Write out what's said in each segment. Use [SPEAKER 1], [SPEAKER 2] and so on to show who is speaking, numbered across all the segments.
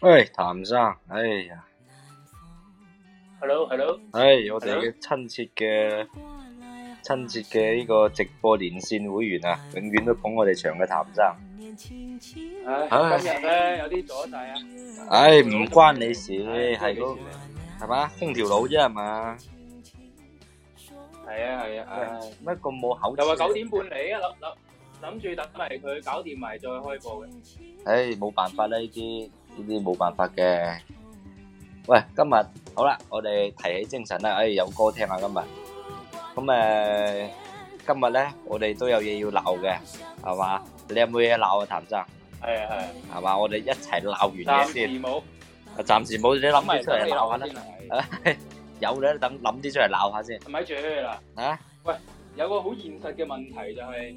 [SPEAKER 1] 喂，譚生，哎呀
[SPEAKER 2] ，Hello，Hello，哎，我哋嘅
[SPEAKER 1] 親切嘅親切嘅呢個直播連線會員啊，永遠都捧我哋場嘅譚生。
[SPEAKER 3] 哎，今日咧有啲阻滯
[SPEAKER 1] 啊！哎，唔關你事，係嗰，係嘛，空調佬啫係嘛？
[SPEAKER 3] 係
[SPEAKER 2] 啊係啊，哎，乜咁冇口齒？就話九點半嚟啊，諗諗諗住等埋佢搞掂埋再開播
[SPEAKER 1] 嘅。哎，冇辦法啦呢啲。呢啲冇辦法嘅。喂，今日好啦，我哋提起精神啦，誒，有歌聽啊，今日。咁誒，今日咧我哋都有嘢要鬧嘅，係嘛？你有冇嘢鬧啊，譚生？係啊係。係嘛，我哋一齊鬧完嘢先。暫時冇。暫時冇，你諗啲出嚟鬧下先。有咧，等諗啲出嚟鬧下先。咪住啦。吓？喂，有個好現實嘅問題就係，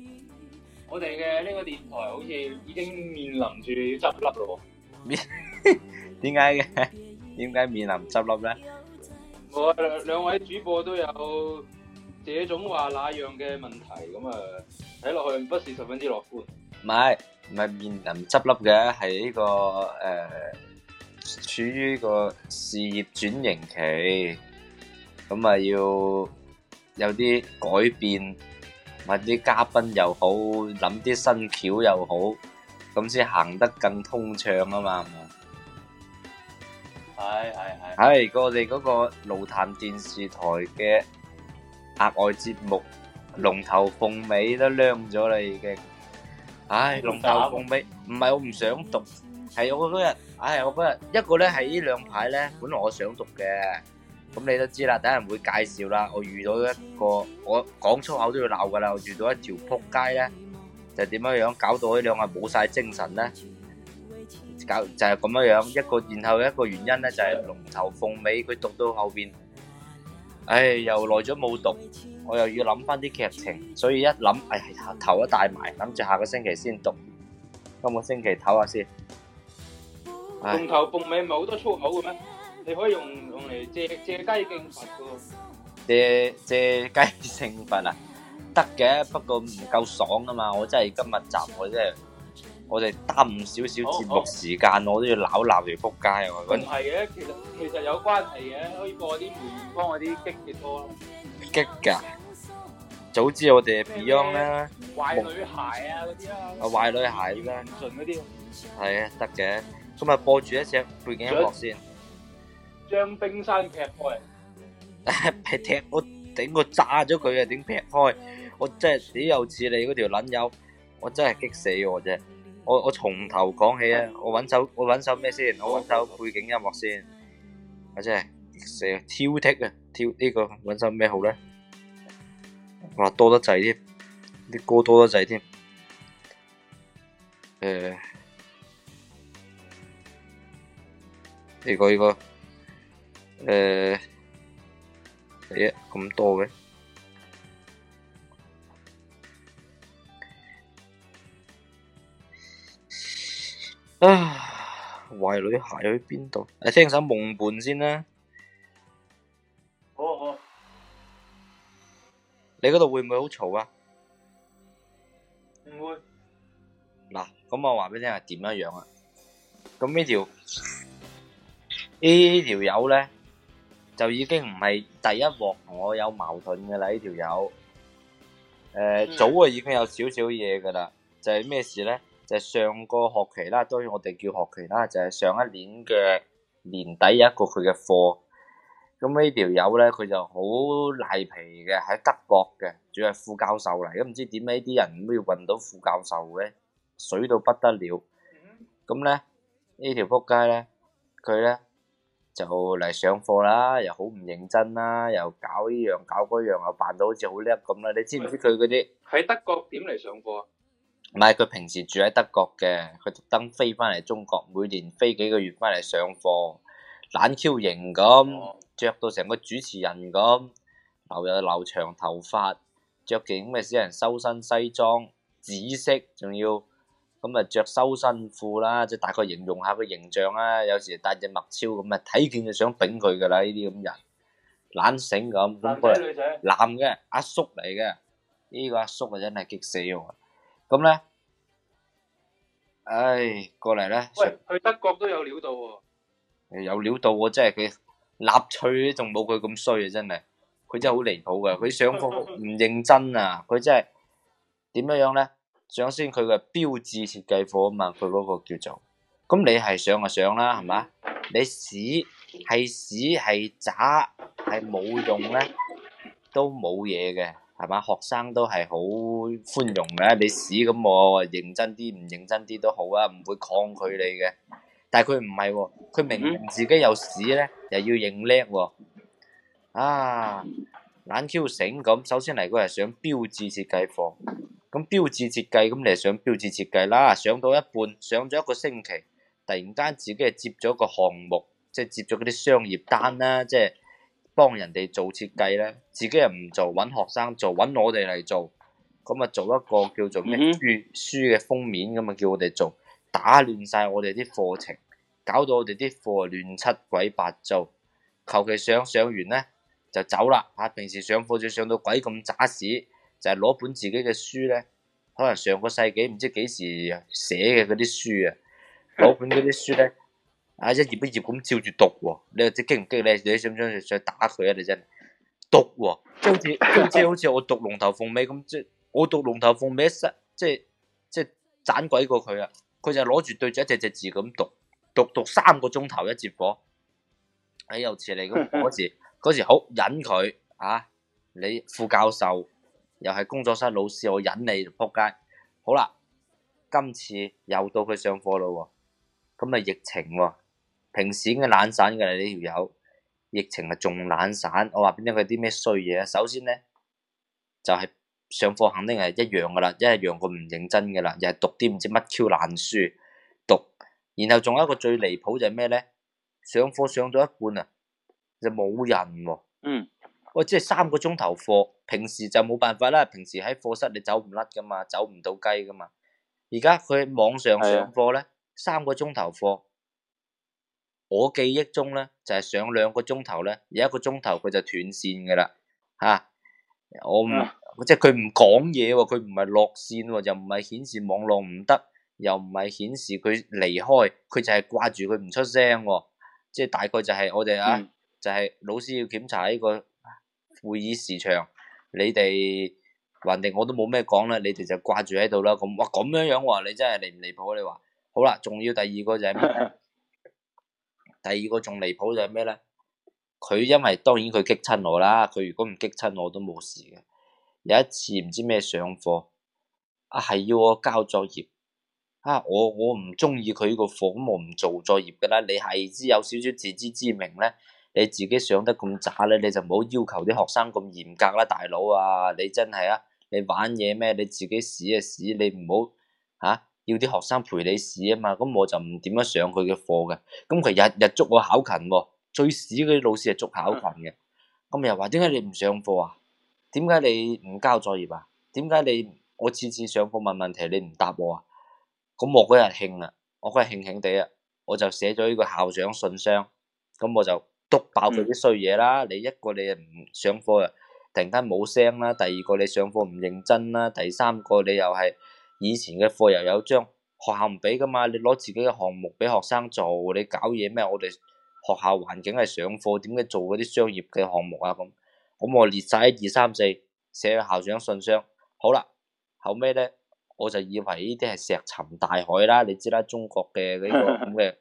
[SPEAKER 1] 我哋嘅呢個電台
[SPEAKER 2] 好似已經面臨住執笠咯。
[SPEAKER 1] 點解嘅？點解面臨執笠咧？我兩
[SPEAKER 2] 兩位主播都有這種話那樣嘅問題，咁啊睇落去不是
[SPEAKER 1] 十分之樂觀。唔係唔係面臨執笠嘅，係呢個誒處於個事業轉型期，咁啊要有啲改變，搵啲嘉賓又好，諗啲新橋又好。咁先行得更通暢啊嘛！係
[SPEAKER 2] 係係，唉，
[SPEAKER 1] 我哋嗰個路探電視台嘅額外節目《龍頭鳳尾》都晾咗啦，已經。唉，《龍頭鳳尾》唔係我唔想讀，係我嗰日，唉，我嗰日一個咧，喺呢兩排咧，本來我想讀嘅，咁你都知啦，等陣會介紹啦。我遇到一個，我講粗口都要鬧噶啦，我遇到一條撲街咧。就點樣樣搞到佢兩下冇晒精神咧？搞就係咁樣樣一個，然後一個原因咧就係龍頭鳳尾，佢讀到後邊，唉又耐咗冇讀，我又要諗翻啲劇情，所以一諗唉呀頭都大埋，諗住下個星期先讀，今個星期唞下先。龍
[SPEAKER 2] 頭鳳尾唔係好多粗口
[SPEAKER 1] 嘅咩？你可以用用嚟借借雞勁，借借雞性法啦。得嘅，不過唔夠爽啊嘛！我真係今日集，我真係我哋耽誤少少節目時間，我都要鬧鬧條仆街我。唔係嘅，其實其實有關係
[SPEAKER 2] 嘅，可以播啲梅艷芳嗰啲激嘅歌
[SPEAKER 1] 咯。激噶？早知我哋係 Beyond 啦。
[SPEAKER 2] 壞女孩啊嗰啲啊。啊壞女孩。唔順嗰啲。
[SPEAKER 1] 係啊，得嘅。咁啊，播住一隻背景音樂先。
[SPEAKER 2] 將冰山劈開。
[SPEAKER 1] 劈劈我頂我炸咗佢啊！點劈開。我真係豈有此理，你嗰條撚友，我真係激死我啫！我我從頭講起啊，我搵首我搵首咩先？我搵首背景音樂先啊！真係成挑剔啊！挑呢個搵首咩好咧？哇，多得滯添，啲歌多得滯添。誒，呢個呢個誒，咦？咁多嘅？啊！壞女孩去邊度？嚟聽首夢伴先啦。
[SPEAKER 4] 好啊好。
[SPEAKER 1] 你嗰度會唔會好嘈啊？唔
[SPEAKER 2] 會。
[SPEAKER 1] 嗱，咁我話俾你聽係點樣樣啊？咁呢條呢條友咧就已經唔係第一鑊同我有矛盾嘅啦，呢條友。誒，早就已經有少少嘢噶啦，就係咩事咧？就係上個學期啦，當然我哋叫學期啦，就係上一年嘅年底有一個佢嘅課。咁呢條友咧，佢就好賴皮嘅，喺德國嘅，仲要係副教授嚟。咁唔知點解啲人會搵到副教授嘅，水到不得了。咁咧呢條仆街咧，佢咧就嚟上課啦，又好唔認真啦，又搞呢樣搞嗰樣，又扮到好似好叻咁啦。你知唔知佢嗰啲喺德國點嚟上課啊？唔係佢平時住喺德國嘅，佢特登飛翻嚟中國，每年飛幾個月翻嚟上課，懶 Q 型咁，着到成個主持人咁，留又留長頭髮，着件咁嘅死人修身西裝，紫色，仲要咁啊着修身褲啦，即係大概形容下個形象啦。有時戴隻墨超咁啊，睇見就想抦佢噶啦。呢啲咁人，懶醒咁，不過男嘅阿叔嚟嘅，呢個阿叔啊真係激死我。咁咧，唉，過嚟咧，喂，去德
[SPEAKER 2] 國都有料到
[SPEAKER 1] 喎，有料到喎，即係佢納粹仲冇佢咁衰啊，真係，佢真係好離譜噶，佢上課唔認真啊，佢真係點樣樣咧？上先佢嘅標誌設計課啊嘛，佢嗰個叫做，咁你係上啊上啦，係嘛？你屎係屎係渣係冇用咧，都冇嘢嘅。係嘛？學生都係好寬容嘅，你屎咁我認真啲，唔認真啲都好啊，唔會抗拒你嘅。但係佢唔係喎，佢明明自己有屎咧，又要認叻喎，哦。啊，懶 Q 醒咁，首先嚟佢係上標誌設計課，咁標誌設計咁你係上標誌設計啦，上到一半，上咗一個星期，突然間自己係接咗個項目，即係接咗嗰啲商業單啦，即係。幫人哋做設計咧，自己又唔做，搵學生做，搵我哋嚟做，咁啊做一個叫做咩書嘅封面，咁啊叫我哋做，打亂晒我哋啲課程，搞到我哋啲課亂七鬼八糟，求其上上完呢，就走啦。啊，平時上課就上到鬼咁渣屎，就係攞本自己嘅書呢。可能上個世紀唔知幾時寫嘅嗰啲書啊，
[SPEAKER 4] 攞本
[SPEAKER 1] 嗰啲書呢。啊！一頁一頁咁照住讀，你又知激唔激？你你想唔想再打佢啊？你真係讀，即係好似即係好似我讀龍頭鳳尾咁，即係我讀龍頭鳳尾，即即即盞鬼過佢啊！佢就攞住對住一隻隻字咁讀，讀讀三個鐘頭一節課。喺又遲嚟咁嗰時，嗰、哎、時，時好忍佢啊！你副教授又係工作室老師，我忍你扑街。好啦，今次又到佢上課啦，咁啊疫情喎。啊平時已經懶散噶啦，呢條友，疫情啊仲懶散。我話畀你佢啲咩衰嘢，首先咧就係、是、上課肯定係一樣噶啦，一樣佢唔認真噶啦，又係讀啲唔知乜 Q 爛書讀。然後仲有一個最離譜就係咩咧？上課上到一半啊，就冇人喎。
[SPEAKER 4] 嗯。
[SPEAKER 1] 喂、哦，即係三個鐘頭課，平時就冇辦法啦。平時喺課室你走唔甩噶嘛，走唔到雞噶嘛。而家佢喺網上上課咧，的三個鐘頭課。我記憶中咧，就係、是、上兩個鐘頭咧，有一個鐘頭佢就斷線㗎啦，嚇、啊！我唔、啊、即係佢唔講嘢喎，佢唔係落線喎、哦，又唔係顯示網絡唔得，又唔係顯示佢離開，佢就係掛住佢唔出聲喎、哦。即係大概就係我哋、嗯、啊，就係、是、老師要檢查呢個會議時長，你哋還定我都冇咩講啦，你哋就掛住喺度啦。咁哇咁樣樣喎，你真係離唔離譜？你話好啦，仲要第二個就係咩？ 第二個仲離譜就係咩咧？佢因為當然佢激親我啦，佢如果唔激親我都冇事嘅。有一次唔知咩上課啊，係要我交作業啊，我我唔中意佢呢個課，咁我唔做作業噶啦。你係知有少少自知之明咧，你自己上得咁渣咧，你就唔好要，要求啲學生咁嚴格啦，大佬啊，你真係啊，你玩嘢咩？你自己試啊試，你唔好吓。啊要啲學生陪你試啊嘛，咁我就唔點樣上佢嘅課嘅，咁佢日日捉我考勤喎、哦，最屎嗰啲老師係捉考勤嘅，咁又話，點解你唔上課啊？點解你唔交作業啊？點解你我次次上課問問題你唔答我啊？咁我嗰日興啦，我嗰日興興地啊，我就寫咗呢個校長信箱，咁我就督爆佢啲衰嘢啦，你一個你又唔上課啊，突然間冇聲啦，第二個你上課唔認真啦，第三個你又係。以前嘅課又有張學校唔俾噶嘛？你攞自己嘅項目俾學生做，你搞嘢咩？我哋學校環境係上課，點解做嗰啲商業嘅項目啊？咁咁我列晒一二三四，寫校長信箱，好啦。後尾咧，我就以為呢啲係石沉大海啦。你知啦，中國嘅呢個咁嘅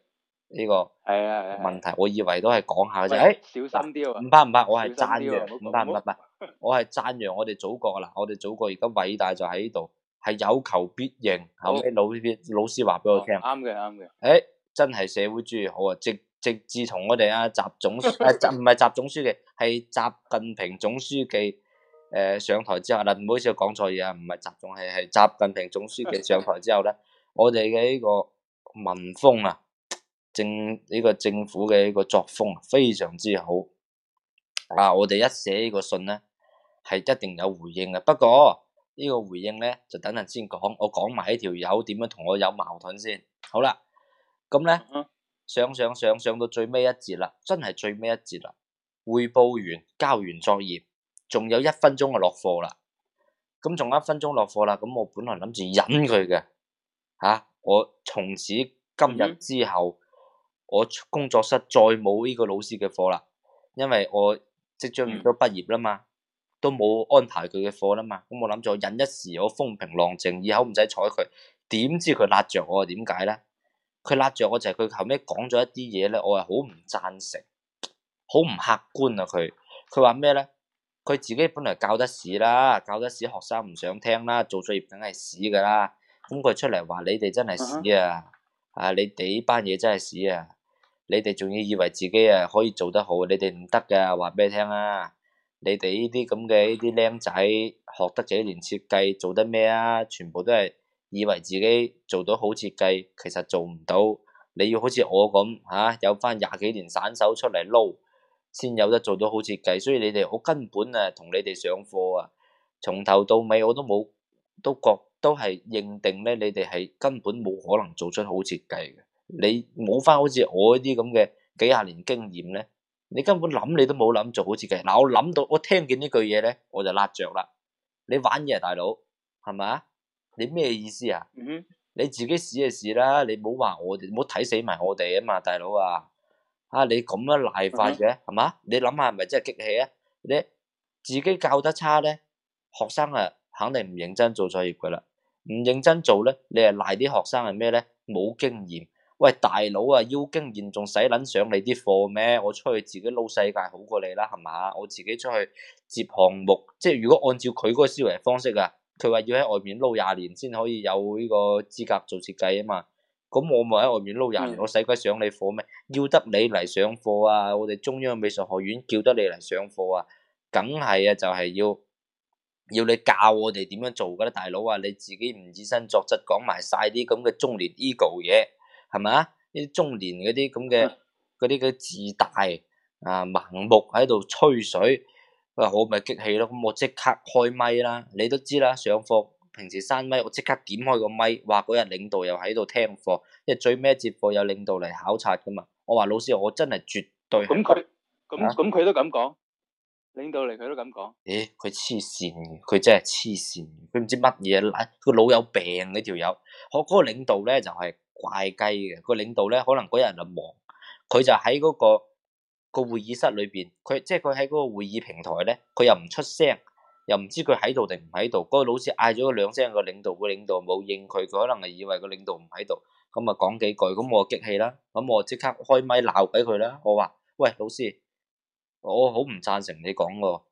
[SPEAKER 1] 呢個係啊問題，我以為都係講下啫。誒、 哎，小心啲啊！唔怕唔怕，怕怕我係讚揚，唔怕唔怕唔，我係讚揚我哋祖國噶啦。我哋祖國而家偉大就喺呢度。 係有求必應，後尾、嗯、老老師話俾我聽，啱嘅啱嘅。誒、哎，真係社會主義好啊！直直自從我哋阿、啊、習總誒、 啊、習唔係習總書記，係習近平總書記誒、呃、上台之後啦，唔好意思講錯嘢啊，唔係習總，係係習近平總書記上台之後咧，我哋嘅呢個文風啊，政呢、這個政府嘅呢個作風啊，非常之好。啊，我哋一寫呢個信咧，係一定有回應嘅。不過，呢個回應咧，就等陣先講。我講埋呢條友點樣同我有矛盾先。好啦，咁咧、嗯、上上上上到最尾一節啦，真係最尾一節啦。匯報完，交完作業，仲有一分鐘就落課啦。咁仲有一分鐘落課啦。咁我本來諗住忍佢嘅，吓、啊、我從此今日之後，嗯、我工作室再冇呢個老師嘅課啦，因為我即將都畢業啦嘛。嗯都冇安排佢嘅課啦嘛，咁我諗住忍一時，我風平浪靜，以後唔使睬佢。點知佢拉着我？點解咧？佢拉着我就係佢後尾講咗一啲嘢咧，我係好唔讚成，好唔客觀啊！佢佢話咩咧？佢自己本嚟教得屎啦，教得屎，學生唔想聽啦，做作業梗係屎噶啦。咁佢出嚟話你哋真係屎啊！啊、uh，huh. 你哋呢班嘢真係屎啊！你哋仲要以為自己啊可以做得好，你哋唔得噶，話俾你聽啊！你哋呢啲咁嘅呢啲僆仔，學得幾年設計，做得咩啊？全部都係以為自己做到好設計，其實做唔到。你要好似我咁嚇，啊，有翻廿幾年散手出嚟撈，先有得做到好設計。所以你哋我根本啊，同你哋上課啊，從頭到尾我都冇都覺都係認定咧，你哋係根本冇可能做出好設計嘅。你冇翻好似我呢啲咁嘅幾廿年經驗咧。你根本諗你都冇諗做好自己嗱，啊，我諗到我聽見呢句嘢咧，我就辣着啦。你玩嘢，大佬係咪啊？你咩意思啊？Mm hmm. 你自己試一試啦，你唔好話我哋，唔好睇死埋我哋啊嘛，大佬啊！啊，你咁樣賴法嘅係嘛？你諗下係咪真係激氣啊？你自己教得差咧，學生啊肯定唔認真做作業噶啦，唔認真做咧，你係賴啲學生係咩咧？冇經驗。喂，大佬啊！要經驗仲使撚上你啲課咩？我出去自己撈世界好過你啦，係嘛？我自己出去接項目，即係如果按照佢嗰個思維方式啊，佢話要喺外面撈廿年先可以有呢個資格做設計啊嘛。咁我咪喺外面撈廿年，嗯、我使鬼上你課咩？要得你嚟上課啊！我哋中央美術學院叫得你嚟上課啊，梗係啊，就係要要你教我哋點樣做㗎啦、啊，大佬啊！你自己唔以身作則，講埋晒啲咁嘅中年 ego 嘢。係咪啊？啲中年嗰啲咁嘅嗰啲嗰自大啊，盲目喺度吹水，啊、我咪激氣咯。咁我即刻開咪啦。你都知啦，上課平時閂咪，我即刻點開個咪。話嗰日領導又喺度聽課，因為最尾一節課有領導嚟考察噶嘛。我話老師，我真係絕對咁
[SPEAKER 2] 佢咁
[SPEAKER 1] 咁佢都咁講，領導嚟佢都咁講。咦、欸？佢黐線，佢真係黐線，佢唔知乜嘢，佢腦有病呢條友。我嗰、那個領導咧就係、是。怪雞嘅，個領導咧，可能嗰日就忙，佢就喺嗰，嗰個，嗰個會議室裏邊，佢即係佢喺嗰個會議平台咧，佢又唔出聲，又唔知佢喺度定唔喺度，嗰，個老師嗌咗兩聲，個領導，個領導冇應佢，佢可能係以為個領導唔喺度，咁啊講幾句，咁我激氣啦，咁我即刻開咪鬧俾佢啦，我話：喂老師，我好唔贊成你講個，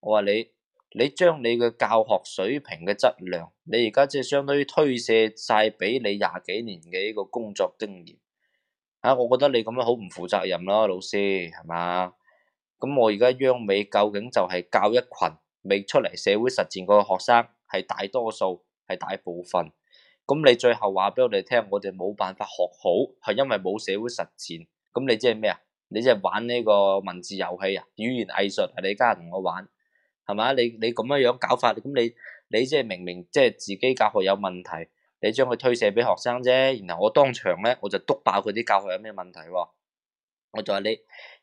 [SPEAKER 1] 我話你。你將你嘅教學水平嘅質量，你而家即係相當於推卸晒俾你廿幾年嘅一個工作經驗。啊，我覺得你咁樣好唔負責任啦，老師係嘛？咁我而家央美究竟就係教一群未出嚟社會實踐過嘅學生，係大多數，係大部分。咁你最後話俾我哋聽，我哋冇辦法學好，係因為冇社會實踐。咁你即係咩啊？你即係玩呢個文字遊戲啊？語言藝術，你而家同我玩？係嘛？你你咁樣樣搞法，咁你你即係明明即係自己教學有問題，你將佢推卸俾學生啫。然後我當場咧，我就篤爆佢啲教學有咩問題喎。我就話你，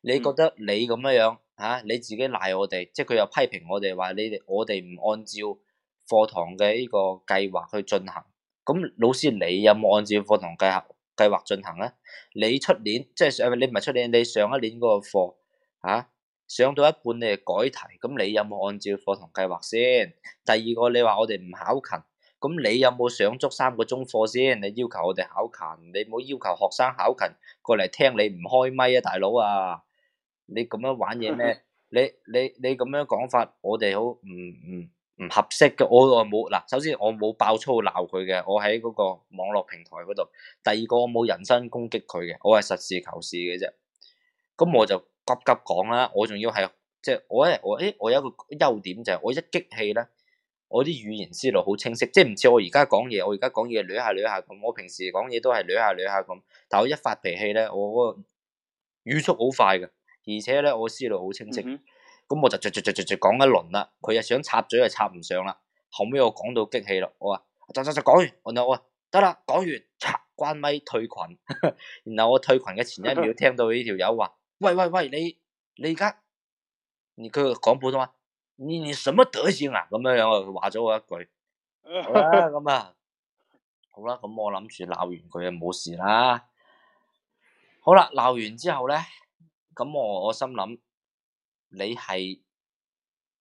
[SPEAKER 1] 你覺得你咁樣樣嚇，啊，你自己賴我哋，即係佢又批評我哋話你哋我哋唔按照課堂嘅呢個計劃去進行。咁老師你有冇按照課堂計劃計劃進行咧？你出年即係上，你唔係出年，你上一年嗰個課上到一半你係改題，咁你有冇按照課堂計劃先？第二個你話我哋唔考勤，咁你有冇上足三個鐘課先？你要求我哋考勤，你冇要，要求學生考勤過嚟聽你唔開咪啊，大佬啊！你咁樣玩嘢咩？你你你咁樣講法，我哋好唔唔唔合適嘅。我冇嗱，首先我冇爆粗鬧佢嘅，我喺嗰個網絡平台嗰度。第二個我冇人身攻擊佢嘅，我係實事求是嘅啫。咁我就。急急講啦，我仲要係即係我咧，我誒，我有一個優點就係我一激氣咧，我啲語言思路好清晰，即係唔似我而家講嘢，我而家講嘢捋下捋下咁，我平時講嘢都係捋下捋下咁，但我一發脾氣咧，我語速好快嘅，而且咧我思路好清晰，咁我就直直直直講一輪啦，佢又想插嘴又插唔上啦，後尾我講到激氣咯，我話，就就就講完，我後我得啦，講完插關咪退群，然後我退群嘅前一秒聽到呢條友話。喂喂喂，你你而家你佢講普通話，你你什麼德性啊？咁樣樣啊，話咗我一句，咁啊，好啦，咁我諗住鬧完佢啊，冇事啦。好啦，鬧完之後咧，咁我我心諗你係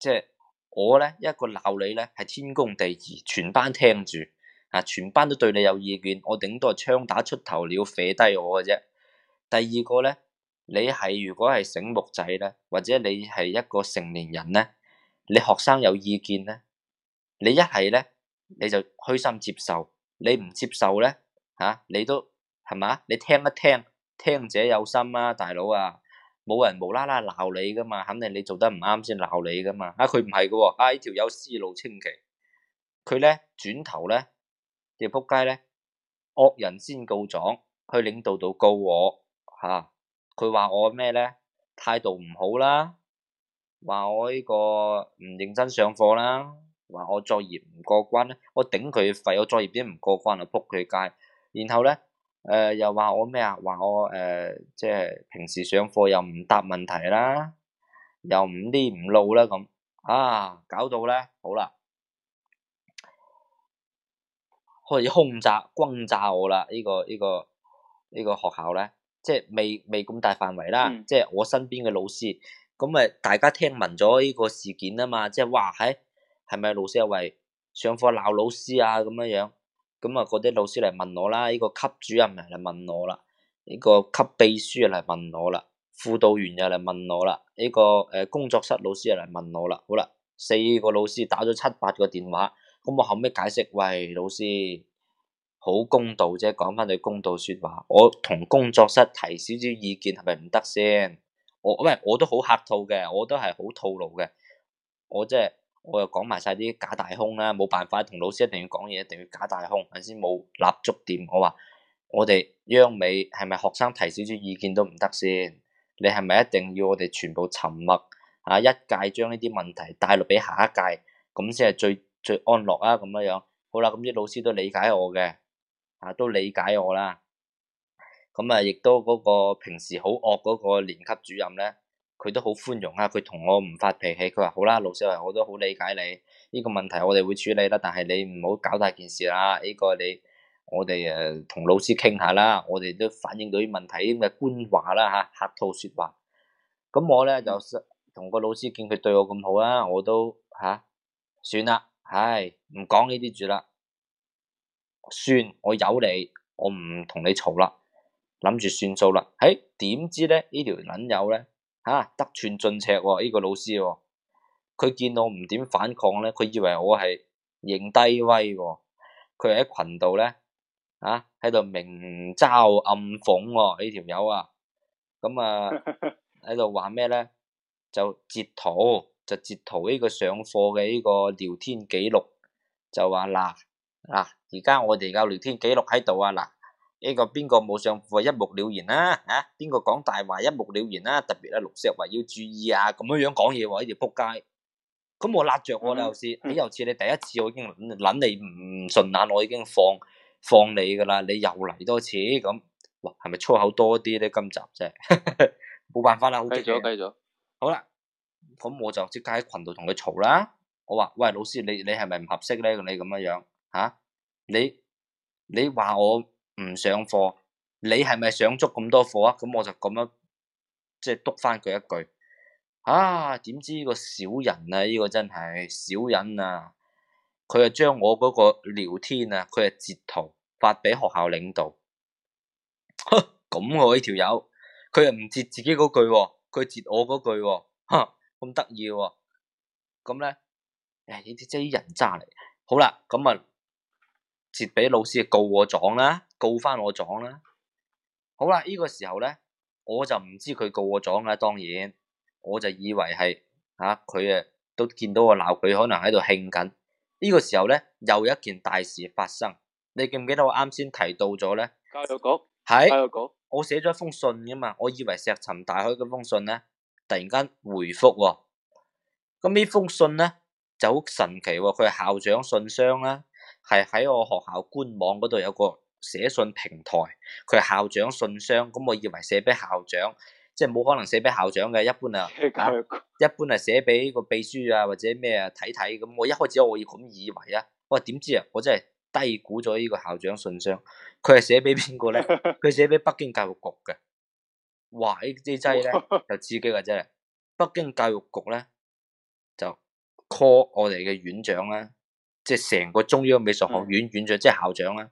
[SPEAKER 1] 即係我咧一個鬧你咧係天公地義，全班聽住啊，全班都對你有意見，我頂多係槍打出頭鳥，射低我嘅啫。第二個咧。你係如果係醒目仔咧，或者你係一個成年人咧，你學生有意見咧，你一係咧你就虛心接受，你唔接受咧吓、啊，你都係嘛？你聽一聽，聽者有心啊，大佬啊，冇人無啦啦鬧你噶嘛，肯定你做得唔啱先鬧你噶嘛。啊，佢唔係噶，啊呢條友思路清奇，佢咧轉頭咧條撲街咧，惡人先告狀，去領導度告我吓。啊佢話我咩咧？態度唔好啦，話我呢個唔認真上課啦，話我作業唔過關咧，我頂佢肺，我作業點解唔過關啊？扑佢街，然後咧，誒、呃、又話我咩啊？話我誒、呃，即係平時上課又唔答問題啦，又唔啲唔露啦咁，啊搞到咧好啦，開始轟炸轟炸我啦，呢個呢個呢個學校咧。即係未未咁大範圍啦，嗯、即係我身邊嘅老師，咁誒大家聽聞咗呢個事件啊嘛，即係哇，係係咪老師係上課鬧老師啊咁樣樣，咁啊嗰啲老師嚟問我啦，呢個級主任嚟問我啦，呢個級秘書嚟問我啦，輔導員又嚟問我啦，呢個誒工作室老師又嚟問我啦，好啦，四個老師打咗七八個電話，咁我後尾解釋喂，老師。好公道啫，講翻對公道說話，我同工作室提少少意見係咪唔得先？我，因為，我都好客套嘅，我都係好套路嘅。我即係我又講埋晒啲假大空啦，冇辦法，同老師一定要講嘢，一定要假大空。係先冇立足點？我話我哋央美係咪學生提少少意見都唔得先？你係咪一定要我哋全部沉默？啊，一屆將呢啲問題帶落俾下一屆，咁先係最最安樂啊？咁樣樣，好啦，咁、嗯、啲老師都理解我嘅。啊，都理解我啦。咁、嗯、啊，亦都嗰個平時好惡嗰個年級主任咧，佢都好寬容啊。佢同我唔發脾氣，佢話好啦，老師話我都好理解你。呢、這個問題我哋會處理啦，但係你唔好搞大件事啦。呢、這個你我哋誒同老師傾下啦。我哋都反映到啲問題，啲咁嘅官話啦，嚇客套説話。咁我咧就同個老師見佢對我咁好啦，我都嚇、啊、算啦，唉、哎，唔講呢啲住啦。算我有你，我唔同你吵啦，諗住算數啦。誒，點知咧，呢條撚友咧吓、啊、得寸進尺喎、哦？呢、呢個老師、哦，佢見到我唔點反抗咧，佢以為我係認低威、哦，佢喺群度咧啊喺度明嘲暗諷喎、哦、呢條友啊，咁、嗯、啊喺度話咩咧？就截圖就截圖呢個上課嘅呢個聊天記錄，就話嗱。嗱，而家我哋嘅聊天記錄喺度啊！嗱，呢個邊個冇上課一目了然啦吓，邊個講大話一目了然啦，特別阿六石話要注意啊，咁樣樣講嘢話一直扑街，咁我拉著我又似，你又似你第一次我已經諗你唔順眼，我已經放放你噶啦，你又嚟多次咁，哇，係咪粗口多啲咧？今集啫，冇辦法啦，好，繼續，繼續，好啦，咁我就即刻喺群度同佢嘈啦。我話喂，老師你你係咪唔合適咧？你咁樣樣。吓，你你話我唔上課，你係咪想捉咁多課啊？咁我就咁樣即係督翻佢一句。啊，點知呢個小人啊，呢、呢個真係小人啊，佢又將我嗰個聊天啊，佢又截圖發俾學校領導。咁我呢條友，佢又唔截自己嗰句，啊，佢截我嗰句，啊。吓，咁得意喎？咁咧，誒呢啲真係啲人渣嚟。好啦，咁啊。接俾老師告我狀啦，告翻我狀啦。好啦，呢、這個時候咧，我就唔知佢告我狀啦。當然，我就以為係吓佢啊，都見到我鬧佢，可能喺度興緊。呢、這個時候咧，又一件大事發生。你記唔記得我啱先提到咗咧？教育局係，教育局，教育局我寫咗一封信噶嘛。我以為石沉大海嗰封信咧，突然間回覆、喔。咁呢封信咧就好神奇、喔，佢係校長信箱啦、啊。係喺我學校官網嗰度有個寫信平台，佢係校長信箱，咁我以為寫俾校長，即係冇可能寫俾校長嘅，一般啊，寫一般係寫俾個秘書啊或者咩啊睇睇，咁我一開始我以咁以為啊，我點知啊，我真係低估咗呢個校長信箱，佢係寫俾邊個咧？佢寫俾北京教育局嘅，哇！呢啲劑咧就刺激啊，真係，北京教育局咧就 call 我哋嘅院長啦。即係成個中央美術學院院長，嗯、即係校長啦。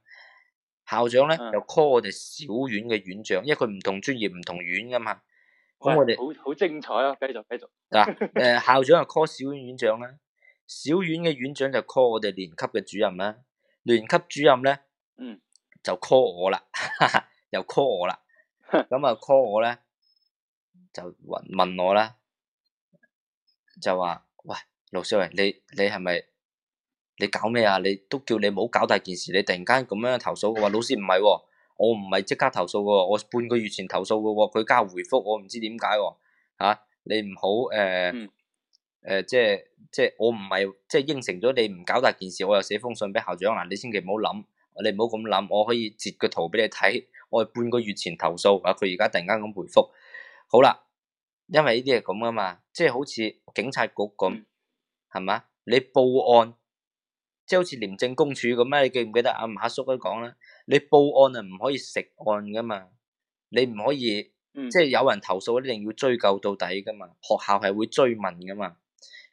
[SPEAKER 1] 校長咧又、嗯、call 我哋小院嘅院長，因為佢唔同專業唔同院噶嘛。
[SPEAKER 4] 咁喂我哋好
[SPEAKER 1] 好精彩啊！繼續繼續。嗱，誒， 校長又 call 小院院長啦，小院嘅院長就 call 我哋年級嘅主任啦，年級主任咧，嗯，就 call 我啦， 又 call 我啦。咁啊 call 我咧，就問問我啦，就話喂，盧少偉，你你係咪？你搞咩啊？你都叫你唔好搞大件事，你突然間咁樣投訴嘅話，老師唔係、哦，我唔係即刻投訴嘅，我半個月前投訴嘅，佢加回復我唔知點解，吓、啊、你唔好誒誒，即係即係我唔係即係應承咗你唔搞大件事，我又寫封信俾校長嗱，你千祈唔好諗，你唔好咁諗，我可以截個圖俾你睇，我係半個月前投訴，佢而家突然間咁回復，好啦，因為呢啲係咁啊嘛，即係好似警察局咁，係嘛、嗯？你報案。即係好似廉政公署咁啊！你記唔記得阿、啊、馬叔都講啦？你報案啊，唔可以食案噶嘛！你唔可以，嗯、即係有人投訴，一定要追究到底噶嘛。學校係會追問噶嘛。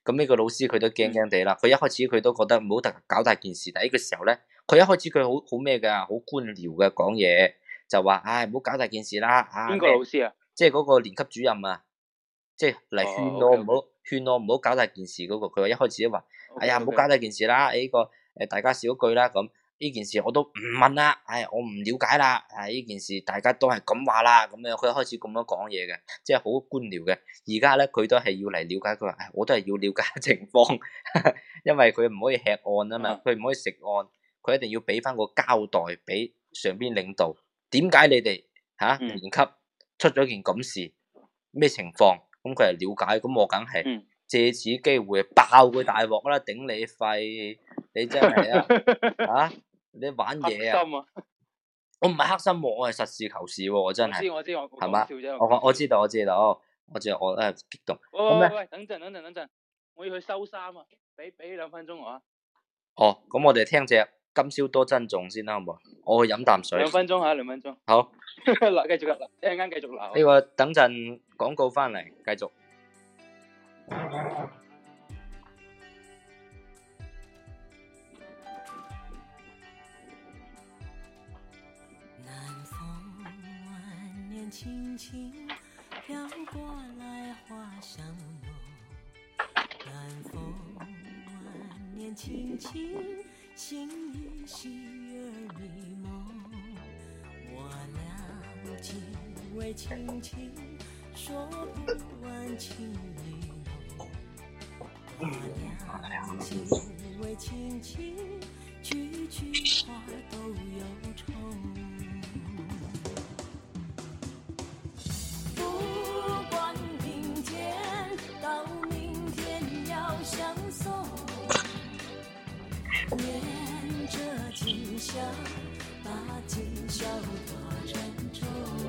[SPEAKER 1] 咁呢個老師佢都驚驚地啦。佢、嗯、一開始佢都覺得唔好特搞大件事。但係呢個時候咧，佢一開始佢好好咩噶，好官僚嘅講嘢，就話唉唔好搞大件事啦。邊個老師啊？即係嗰個年級主任啊，即係嚟勸我唔好勸我唔好搞大件事嗰、嗰個。佢話一開始話。Okay, okay. 哎呀，唔好搞呢件事啦！呢、哎、個誒，大家少一句啦咁。呢件事我都唔問啦，哎，我唔了解啦。哎，呢件事大家都係咁話啦，咁樣佢開始咁樣講嘢嘅，即係好官僚嘅。而家咧，佢都係要嚟了解佢話、哎，我都係要了解情況， 因為佢唔可以吃案啊嘛，佢唔、mm hmm. 可以食案，佢一定要俾翻個交代俾上邊領導。點解你哋吓、啊 mm hmm. 年級出咗件咁事，咩情況？咁佢係了解，咁我梗係。Mm hmm. 借此機會爆佢大鑊啦，頂你肺！你真係 啊，吓你玩嘢啊，啊，啊！我唔係黑心喎，我係實事求是喎、啊，我真係。我知我知，我我我知道我知道，我知道吧我咧激動。哦、喂喂等陣等陣
[SPEAKER 2] 等陣，我要去收衫啊！俾俾兩分鐘
[SPEAKER 1] 我啊。哦，咁我哋聽隻今宵多珍重先啦，好唔好？我去飲啖水。兩分鐘啊，兩分鐘。好，嗱， 繼續
[SPEAKER 2] 啦，一陣間繼續鬧。呢、
[SPEAKER 1] 這個等陣廣告翻嚟，繼，繼續。
[SPEAKER 3] 南風吻臉輕輕飄過來，花香濃。南風吻臉輕輕心依稀而迷蒙，我倆緊偎親親，說不完
[SPEAKER 4] 情意。
[SPEAKER 3] 媽呀！字字為情情，句句話都由衷。哦嗯、不管明
[SPEAKER 4] 天
[SPEAKER 3] 到明天要相送，念着今宵把今宵多珍重。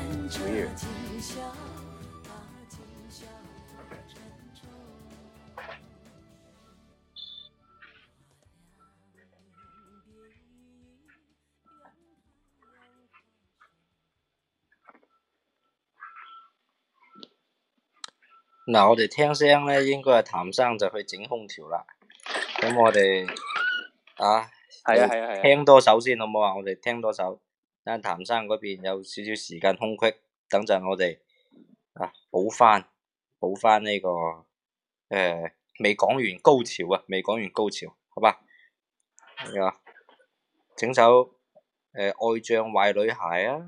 [SPEAKER 1] 嗱、啊，我哋聽聲咧，應該係譚生就去整空調啦。咁我哋啊，係啊係啊係，聽多首先好冇啊？我哋聽多首，等譚生嗰邊有少少時間空隙，等陣我哋啊補翻，補翻呢個誒未講完高潮啊，未講完高潮，好吧？啊，整首誒《愛將壞女孩》啊。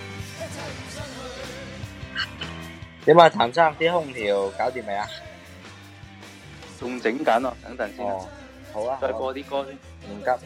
[SPEAKER 1] 點啊，譚生啲空調搞掂未啊？仲整緊喎，等陣先。
[SPEAKER 2] 好啊，再播啲歌先，
[SPEAKER 3] 唔
[SPEAKER 1] 急。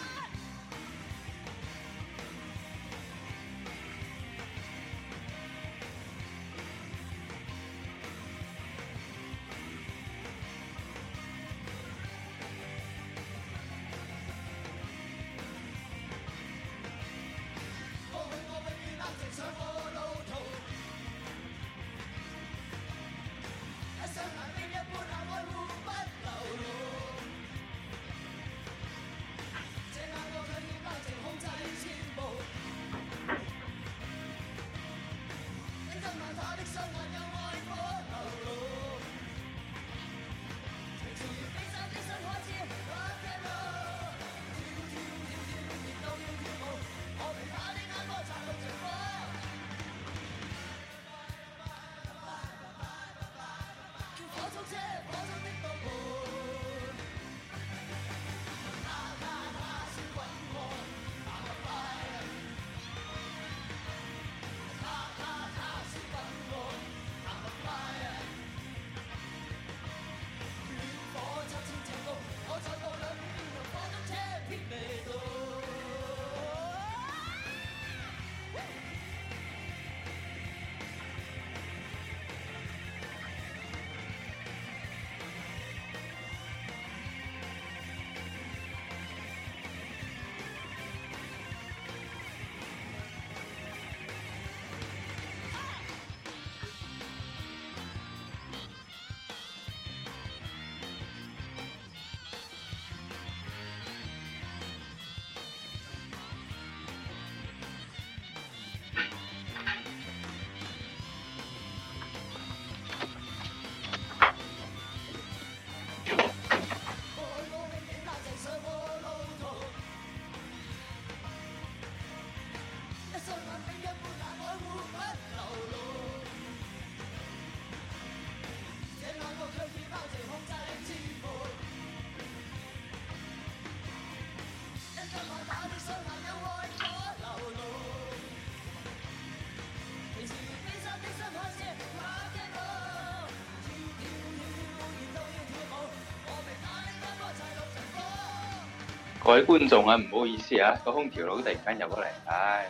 [SPEAKER 2] 各位
[SPEAKER 1] 觀眾啊，唔好意思啊，個空調佬突然間入咗嚟，唉，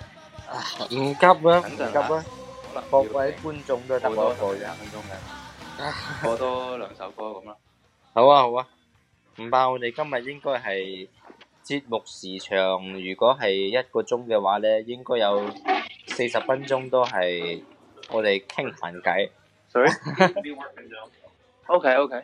[SPEAKER 1] 唔急啦，唔急啦，好啦，各位觀眾都等我多兩分鐘嘅，過多兩首歌咁啦，好啊好啊，唔怕我哋今日應該係節目時長，如果係一個鐘嘅話咧，應該有四十分鐘都係我哋傾閒偈
[SPEAKER 4] ，OK
[SPEAKER 1] OK。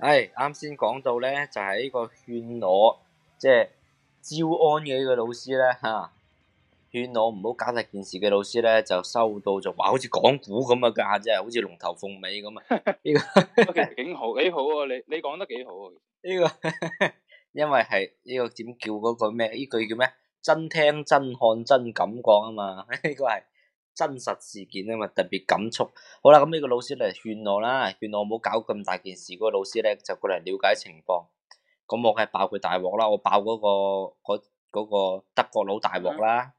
[SPEAKER 1] 誒，啱先講到咧，就係、是、呢個勸我即係招安嘅呢個老師咧，吓、啊、勸我唔好搞實件事嘅老師咧，就收到就哇，好似講古咁嘅價啫，好似龍頭鳳尾咁啊！呢、這個其實幾好，幾好
[SPEAKER 2] 啊！你你講得幾好啊！呢、這個
[SPEAKER 1] 因為係呢、這個點叫嗰句咩？呢句叫咩？真聽真看真敢講啊嘛，呢、這個係。真實事件啊嘛，特別感觸。好啦，咁呢個老師嚟勸我啦，勸我唔好搞咁大件事。嗰個老師咧就過嚟了解情況。咁我係爆佢大鑊啦，我爆嗰個嗰嗰個德國佬大鑊啦。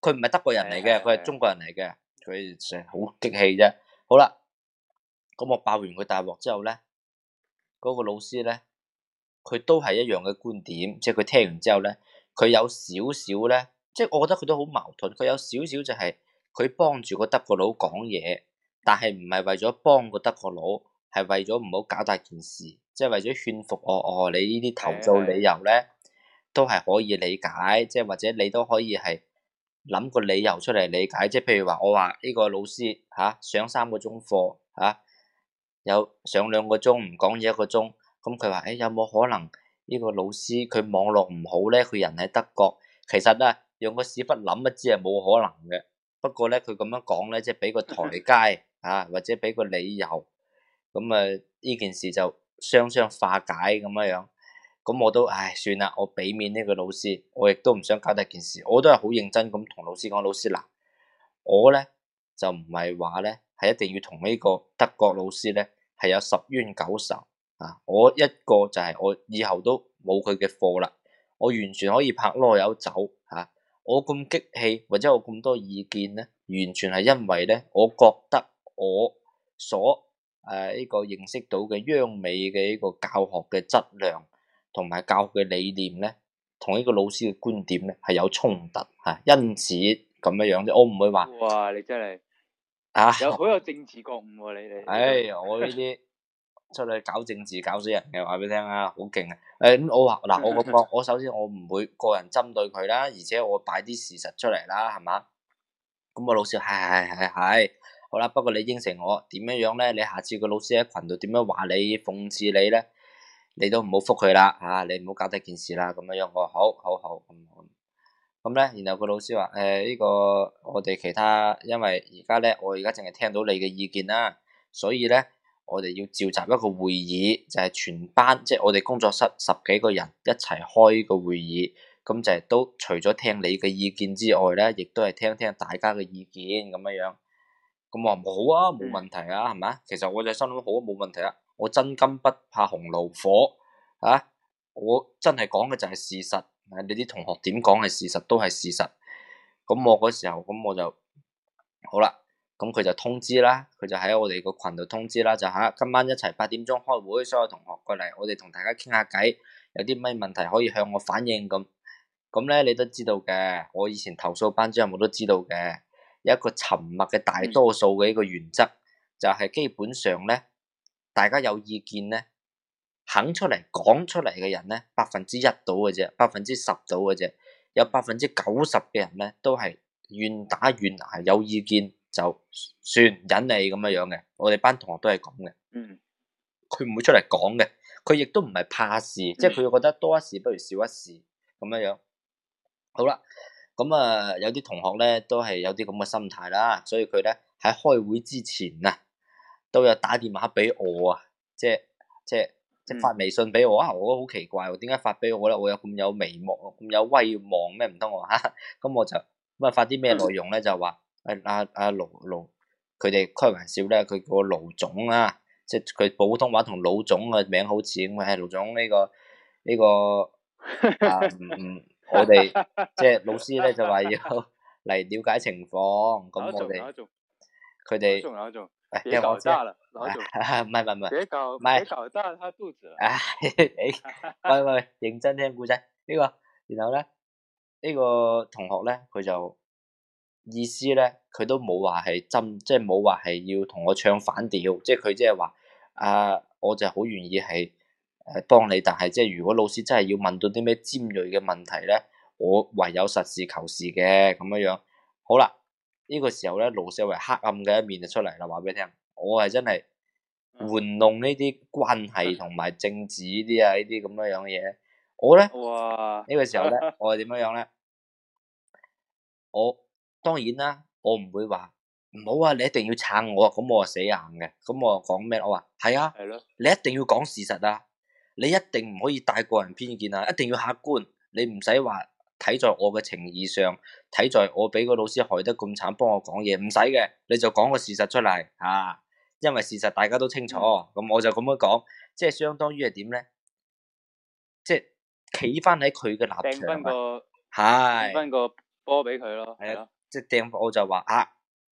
[SPEAKER 1] 佢唔係德國人嚟嘅，佢係中國人嚟嘅。佢成好激氣啫。好啦，咁我爆完佢大鑊之後咧，嗰個老師咧，佢都係一樣嘅觀點。即係佢聽完之後咧，佢有少少咧，即係我覺得佢都好矛盾。佢有少少就係。佢幫住個德國佬講嘢，但係唔係為咗幫個德國佬，係為咗唔好搞大件事，即係為咗勸服我。我、哦、你呢啲投訴理由咧，都係可以理解，即係或者你都可以係諗個理由出嚟理解。即係譬如話，我話呢個老師嚇、啊、上三個鐘課嚇，有上兩個鐘唔講嘢一個鐘，咁佢話：誒、哎、有冇可能呢個老師佢網絡唔好咧？佢人喺德國，其實啊，用個屎忽諗一知係冇可能嘅。不過咧，佢咁樣講咧，即係俾個台階吓、啊，或者俾個理由，咁啊呢件事就雙雙化解咁樣樣。咁、啊、我都唉算啦，我俾面呢個老師，我亦都唔想搞大件事，我都係好認真咁同老師講，老師嗱、啊，我咧就唔係話咧係一定要同呢個德國老師咧係有十冤九仇啊！我一個就係我以後都冇佢嘅課啦，我完全可以拍囉柚走吓。啊我咁激氣或者我咁多意見咧，完全係因為咧，我覺得我所誒呢個認識到嘅央美嘅呢個教學嘅質量同埋教學嘅理念咧，同呢個老師嘅觀點咧係有衝突嚇，因此咁樣樣啫，我唔會話。哇！你真係嚇，有好、啊、有政治覺悟喎、啊，你哋。哎唉， 我呢啲。出去搞政治搞死人嘅話俾你聽啊，好勁啊！誒咁我話嗱，我我我，我首先我唔會個人針對佢啦，而且我擺啲事實出嚟啦，係嘛？咁個老師係係係係，好啦，不過你應承我點樣樣咧？你下次個老師喺群度點樣話你諷刺你咧？你都唔好覆佢啦吓，你唔好搞多件事啦，咁樣樣我好好好咁咁咧。然後個老師話誒呢個我哋其他，因為而家咧我而家淨係聽到你嘅意見啦，所以咧。我哋要召集一個會議，就係全班，即係我哋工作室十幾個人一齊開個會議，咁就係都除咗聽你嘅意見之外咧，亦都係聽聽大家嘅意見咁樣樣。咁我話冇啊，冇問題啊，係咪？其實我就心諗好啊，冇問題啊。我真金不怕紅爐火啊！我真係講嘅就係事實，你啲同學點講係事實都係事實。咁我嗰時候咁我就好啦。咁佢就通知啦，佢就喺我哋個群度通知啦，就吓，今晚一齊八點鐘開會，所有同學過嚟，我哋同大家傾下偈，有啲咩問題可以向我反映咁。咁咧你都知道嘅，我以前投訴班主任我都知道嘅，一個沉默嘅大多數嘅一個原則，就係基本上咧，大家有意見咧，肯出嚟講出嚟嘅人咧，百分之一到嘅啫，百分之十到嘅啫，有百分之九十嘅人咧都係願打願挨有意見。就算忍你咁樣樣嘅，我哋班同學都係咁嘅。嗯，佢唔會出嚟講嘅，佢亦都唔係怕事，嗯、即係佢覺得多一事不如少一事咁樣樣。好啦，咁啊有啲同學咧都係有啲咁嘅心態啦，所以佢咧喺開會之前啊，都有打電話俾我啊，即係即係即係發微信俾我啊，我覺得好奇怪，點解發俾我咧？我有咁有眉目，咁有，有威望咩？唔通我吓，咁、啊、我就咁啊發啲咩內容咧？嗯、就話。阿阿勞勞，佢哋、啊啊、開玩笑咧，佢個勞總啊，即係佢普通話同老總嘅名好似咁，係勞總呢個呢個，唔、這、唔、個，我哋即係老師咧就話要嚟了解情況，咁我哋佢哋，老總老總，別搞大了，唔係唔係唔係，別搞別搞
[SPEAKER 2] 大
[SPEAKER 4] 他肚子，
[SPEAKER 1] 哎，喂喂，認真聽故仔 chat 呢個，然後咧呢、這個同學咧佢就。意思咧，佢都冇話係真，即係冇話係要同我唱反調，即係佢即係話啊，我就好願意係誒、呃、幫你，但係即係如果老師真係要問到啲咩尖銳嘅問題咧，我唯有實事求是嘅咁樣樣。好啦，呢、這個時候咧，勞生黑暗嘅一面就出嚟啦，話俾你聽，我係真係玩弄呢啲關係同埋政治呢啲啊呢啲咁樣樣嘅嘢。我咧呢哇個時候咧，我係點樣樣咧？我。當然啦，我唔會話唔好啊！你一定要撐我，咁我啊死硬嘅，咁我啊講咩？我話係啊，的你一定要講事實啊，你一定唔可以帶個人偏見啊，一定要客觀。你唔使話睇在我嘅情意上，睇在我俾個老師害得咁慘，幫我講嘢唔使嘅，你就講個事實出嚟啊。因為事實大家都清楚，咁、嗯、我就咁樣講，即係相當於係點咧？即係企翻喺佢嘅立場，係，掹翻的個波俾佢咯，係咯。即係掟，我就話啊，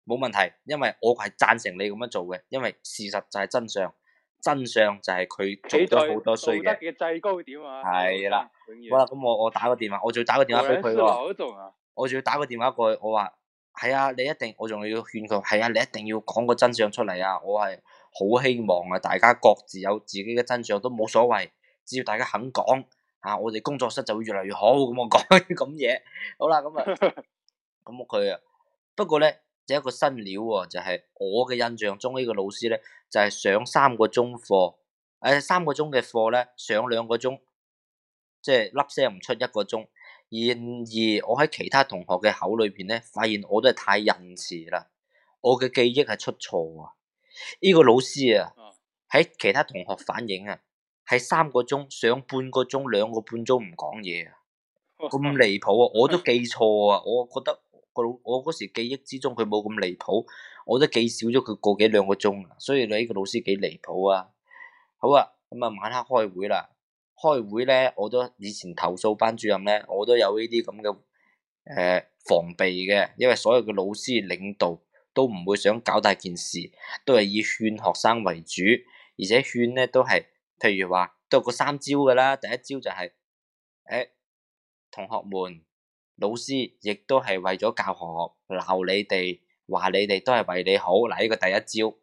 [SPEAKER 1] 冇問題，因為我係贊成你咁樣做嘅，因為事實就係真相，真相就係佢做得好衰嘅。幾代
[SPEAKER 2] 道德嘅最高
[SPEAKER 1] 點啊！係啦的，啊、好啦，咁我我打個電話，我仲要打個電話俾佢喎。我仲要打個電話過去，我話係啊，你一定，我仲要勸佢係啊，你一定要講個真相出嚟啊！我係好希望啊，大家各自有自己嘅真相都冇所謂，只要大家肯講啊，我哋工作室就會越嚟越好。咁我講咁嘢，好啦，咁啊。 咁佢啊，不過咧，就一個新料喎，就係我嘅印象中呢個老師咧，就係上三個鐘課，誒，三個鐘嘅課咧，上兩個鐘，即係粒聲唔出一個鐘。然而我喺其他同學嘅口裏邊咧，發現我都係太仁慈啦，我嘅記憶係出錯啊！呢個老師啊，喺其他同學反映啊，喺三個鐘上半個鐘、兩個半鐘唔講嘢啊，咁離譜啊！我都記錯啊，我覺得。個老我嗰時記憶之中佢冇咁離譜，我都記少咗佢個幾兩個鐘，所以你呢個老師幾離譜啊？好啊，咁、嗯、啊，晚黑開會啦，開會咧，我都以前投訴班主任咧，我都有呢啲咁嘅誒防備嘅，因為所有嘅老師領導都唔會想搞大件事，都係以勸學生為主，而且勸咧都係，譬如話都有個三招噶啦，第一招就係、是，誒、欸，同學們。老師亦都係為咗教學鬧你哋，話你哋都係為你好。嗱，呢個第一招。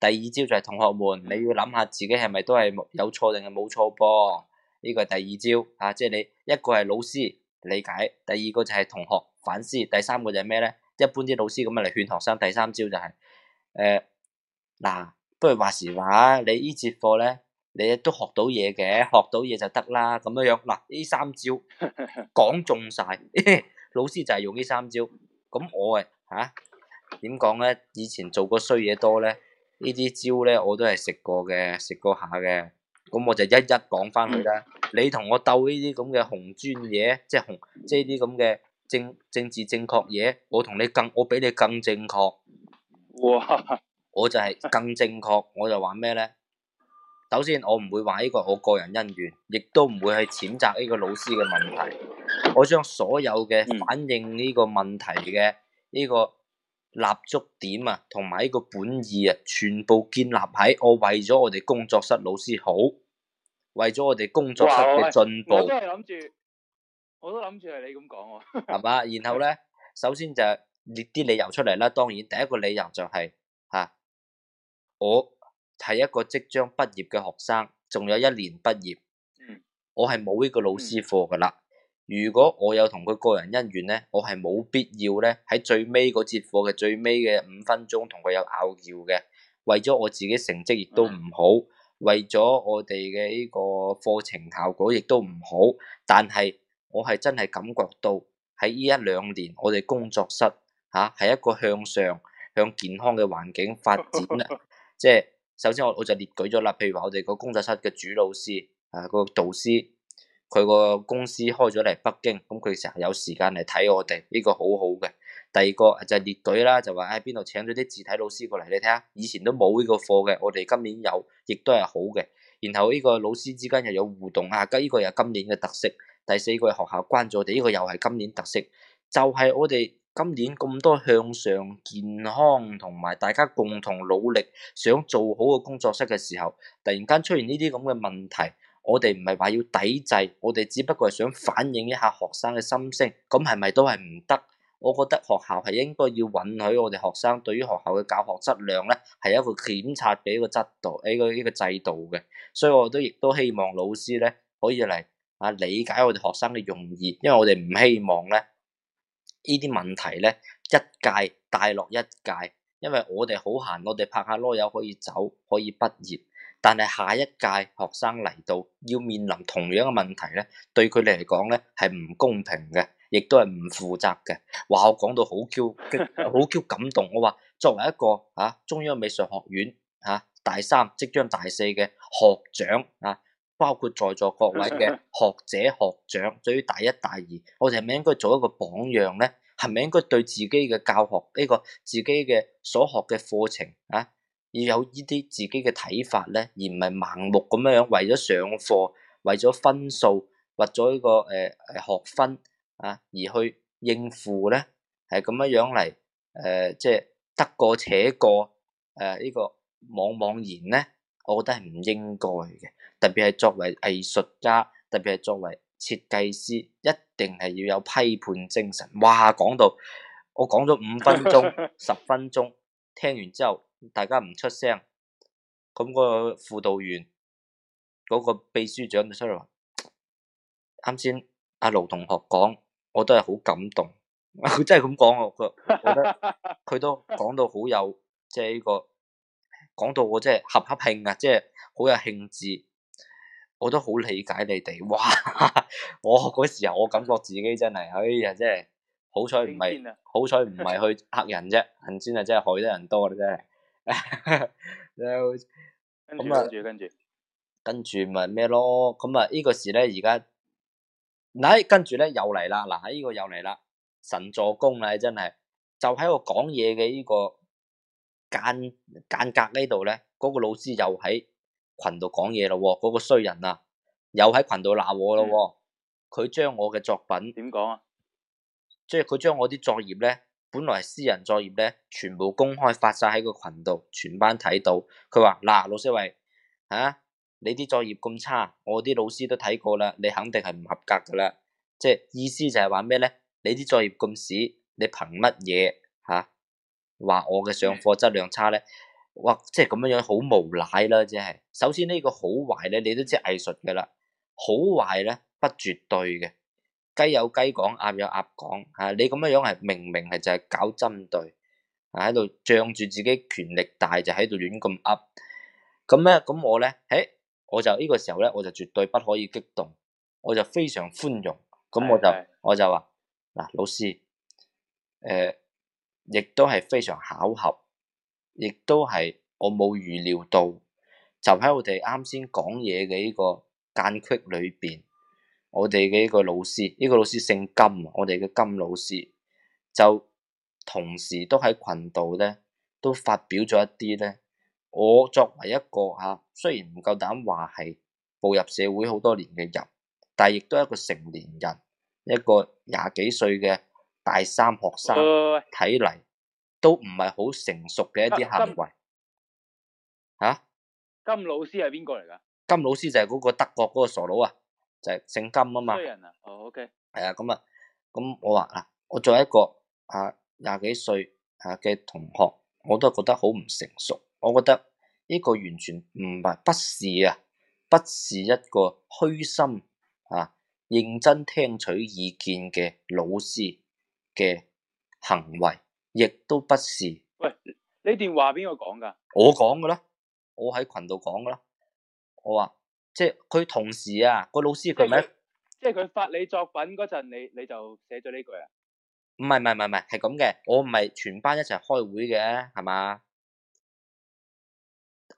[SPEAKER 1] 第二招就係同學們，你要諗下自己係咪都係有錯定係冇錯噃？呢個係第二招。啊，即係你一個係老師理解，第二個就係同學反思，第三個就係咩咧？一般啲老師咁樣嚟勸學生，第三招就係、是、誒，嗱、呃啊，不如話時話你呢節課咧。你都學到嘢嘅，學到嘢就得啦。咁樣樣嗱，呢三招講中晒， 老師就係用呢三招。咁我誒，吓點講咧？以前做過衰嘢多咧，呢啲招咧我都係食過嘅，食過下嘅。咁我就一一講翻佢啦。嗯、你同我鬥呢啲咁嘅紅磚嘢，即係紅，即係呢啲咁嘅政政治正確嘢。我同你更，我比你更正確。哇！我就係更正確，我就玩咩咧？首先，我唔會話呢個我個人恩怨，亦都唔會去譴責呢個老師嘅問題。我將所有嘅反映呢個問題嘅呢個立足點啊，同埋呢個本意啊，全部建立喺我為咗我哋工作室老師好，為咗我哋工作室嘅進步。我
[SPEAKER 2] 都係諗住，我都諗
[SPEAKER 1] 住係你咁講。係嘛？然後咧，首先就列啲理由出嚟啦。當然，第一個理由就係吓我。係一個即將畢業嘅學生，仲有一年畢業，我係冇呢個老師課噶啦。如果我有同佢個人恩怨咧，我係冇必要咧喺最尾嗰節課嘅最尾嘅五分鐘同佢有拗撬嘅。為咗我自己成績亦都唔好，為咗我哋嘅呢個課程效果亦都唔好。但係我係真係感覺到喺呢一兩年，我哋工作室吓係、啊、一個向上向健康嘅環境發展啦， 即係。首先我我就列舉咗啦，譬如話我哋個工作室嘅主老師，啊，個導師，佢個公司開咗嚟北京，咁佢成日有時間嚟睇我哋，呢、這個好好嘅。第二個就係列舉啦，就話喺邊度請咗啲字體老師過嚟，你睇下以前都冇呢個課嘅，我哋今年有，亦都係好嘅。然後呢個老師之間又有互動啊，咁、這、呢個又今年嘅特色。第四個係學校關咗，我哋呢個又係今年特色，就係、是、我哋。今年咁多向上、健康同埋大家共同努力想做好嘅工作室嘅時候，突然間出現呢啲咁嘅問題，我哋唔係話要抵制，我哋只不過係想反映一下學生嘅心聲，咁係咪都係唔得？我覺得學校係應該要允許我哋學生對於學校嘅教學質量咧，係一個檢察嘅一個制度，呢個呢個制度嘅。所以我都亦都希望老師咧可以嚟啊理解我哋學生嘅用意，因為我哋唔希望咧。呢啲問題咧，一屆帶落一屆，因為我哋好閒，我哋拍下籮柚可以走，可以畢業。但係下一屆學生嚟到，要面臨同樣嘅問題咧，對佢哋嚟講咧係唔公平嘅，亦都係唔負責嘅。話我講到好 Q 激，好 Q 感動。我話作為一個啊中央美術學院啊大三，即將大四嘅學長啊。包括在座各位嘅學者學長，對於大一大二，我哋係咪應該做一個榜樣咧？係咪應該對自己嘅教學呢個自己嘅所學嘅課程啊，要有呢啲自己嘅睇法，咧，而唔係盲目咁樣樣為咗上課、為咗分數、或者呢個誒誒學分啊而去應付咧，係咁樣樣嚟，誒、即、呃、係、就是、得過且過誒、呃這個、呢個莽莽然咧，我覺得係唔應該嘅。特別係作為藝術家，特別係作為設計師，一定係要有批判精神。哇，講到我講咗五分鐘、十分鐘，聽完之後大家唔出聲，咁、個輔導員、嗰、個秘書長就出嚟話啱先阿盧同學講，我都係好感動。佢真係咁講，我覺覺得佢都講到好有，即係呢個講到我真係合合興啊，即係好有興致。我都好理解你哋，哇！我嗰時候我感覺自己真係，哎呀，真係好彩唔係，好彩唔係去呃人啫，神仙啊真係害得人多啦真
[SPEAKER 2] 係。咁啊，
[SPEAKER 1] 跟住咪咩咯？咁啊呢個事咧，而家，嗱，跟住咧又嚟啦，嗱喺呢個又嚟啦，這個，神助攻啊真係，就喺我講嘢嘅呢個間間隔呢度咧，嗰、那個老師又喺群度講嘢咯，嗰個衰人啊，又喺群度鬧我咯。佢將、嗯、我嘅作品點講啊？即係佢將我啲作業咧，本來係私人作業咧，全部公開發晒喺個群度，全班睇到。佢話嗱，老師喂，吓、啊、你啲作業咁差，我啲老師都睇過啦，你肯定係唔合格噶啦。即係意思就係話咩咧？你啲作業咁屎，你憑乜嘢吓話我嘅上課質量差咧？哇！即係咁樣樣好無賴啦，即係。首先呢個好壞咧，你都知藝術噶啦，好壞咧不絕對嘅。雞有雞講，鴨有鴨講。吓、啊，你咁樣樣係明明係就係搞針對，喺、啊、度仗住自己權力大就喺度亂咁噏。咁、啊、咧，咁我咧，誒、欸，我就呢個時候咧，我就絕對不可以激動，我就非常寬容。咁、啊、我就我就話，嗱、啊，老師，誒、啊，亦都係非常巧合。亦都係我冇預料到，就喺我哋啱先講嘢嘅呢個間隙裏邊，我哋嘅呢個老師，呢個老師姓金，我哋嘅金老師就同時都喺群度咧，都發表咗一啲咧。我作為一個嚇，雖然唔夠膽話係步入社會好多年嘅人，但係亦都係一個成年人，一個廿幾歲嘅大三學生睇嚟，都唔係好成熟嘅一啲行為，吓金？啊、
[SPEAKER 2] 金老師係邊個嚟噶？
[SPEAKER 1] 金老師就係嗰個德國嗰個傻佬啊，就係、是、姓金啊嘛。衰
[SPEAKER 2] 人
[SPEAKER 1] 啊！哦，OK。係啊，咁、oh, okay. 啊，咁我話啊，我作為一個啊廿幾歲啊嘅同學，我都覺得好唔成熟。我覺得呢個完全唔係，不是啊，不是一個虛心啊、認真聽取意見嘅老師嘅行為。亦都不是。喂，你電話邊個講噶？我講噶囉，我喺群度講噶囉。我話即係佢同時啊，個老師佢唔係
[SPEAKER 2] 即係佢發你作品嗰陣，你你就寫咗呢
[SPEAKER 1] 句啊？唔係唔係唔係，係咁嘅。我唔係全班一齊開會嘅，係嘛？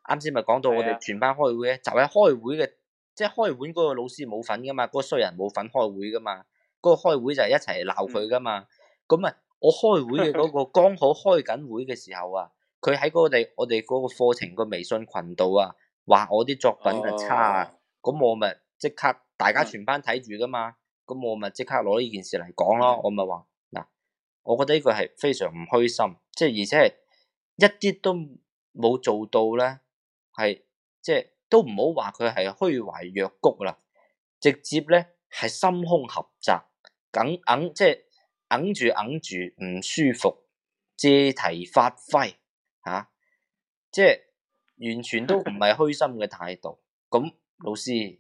[SPEAKER 1] 啱先咪講到我哋全班開會嘅，是啊、就喺開會嘅，即係開會嗰個老師冇份噶嘛，嗰個衰人冇份開會噶嘛，嗰個開會就係一齊鬧佢噶嘛，咁啊、嗯。我開會嘅嗰個剛好開緊會嘅時候啊，佢喺嗰個我哋我哋嗰個課程個微信群度啊，話我啲作品嘅差，啊。咁我咪即刻大家全班睇住噶嘛，咁我咪即刻攞呢件事嚟講咯，我咪話嗱，我覺得呢個係非常唔開心，即係而且係一啲都冇做到咧，係即係都唔好話佢係虛懷若谷啦，直接咧係心胸狹窄，梗硬，即係。揞住揞住唔舒服，借題發揮吓、啊，即係完全都唔係虛心嘅態度。咁、嗯、老師，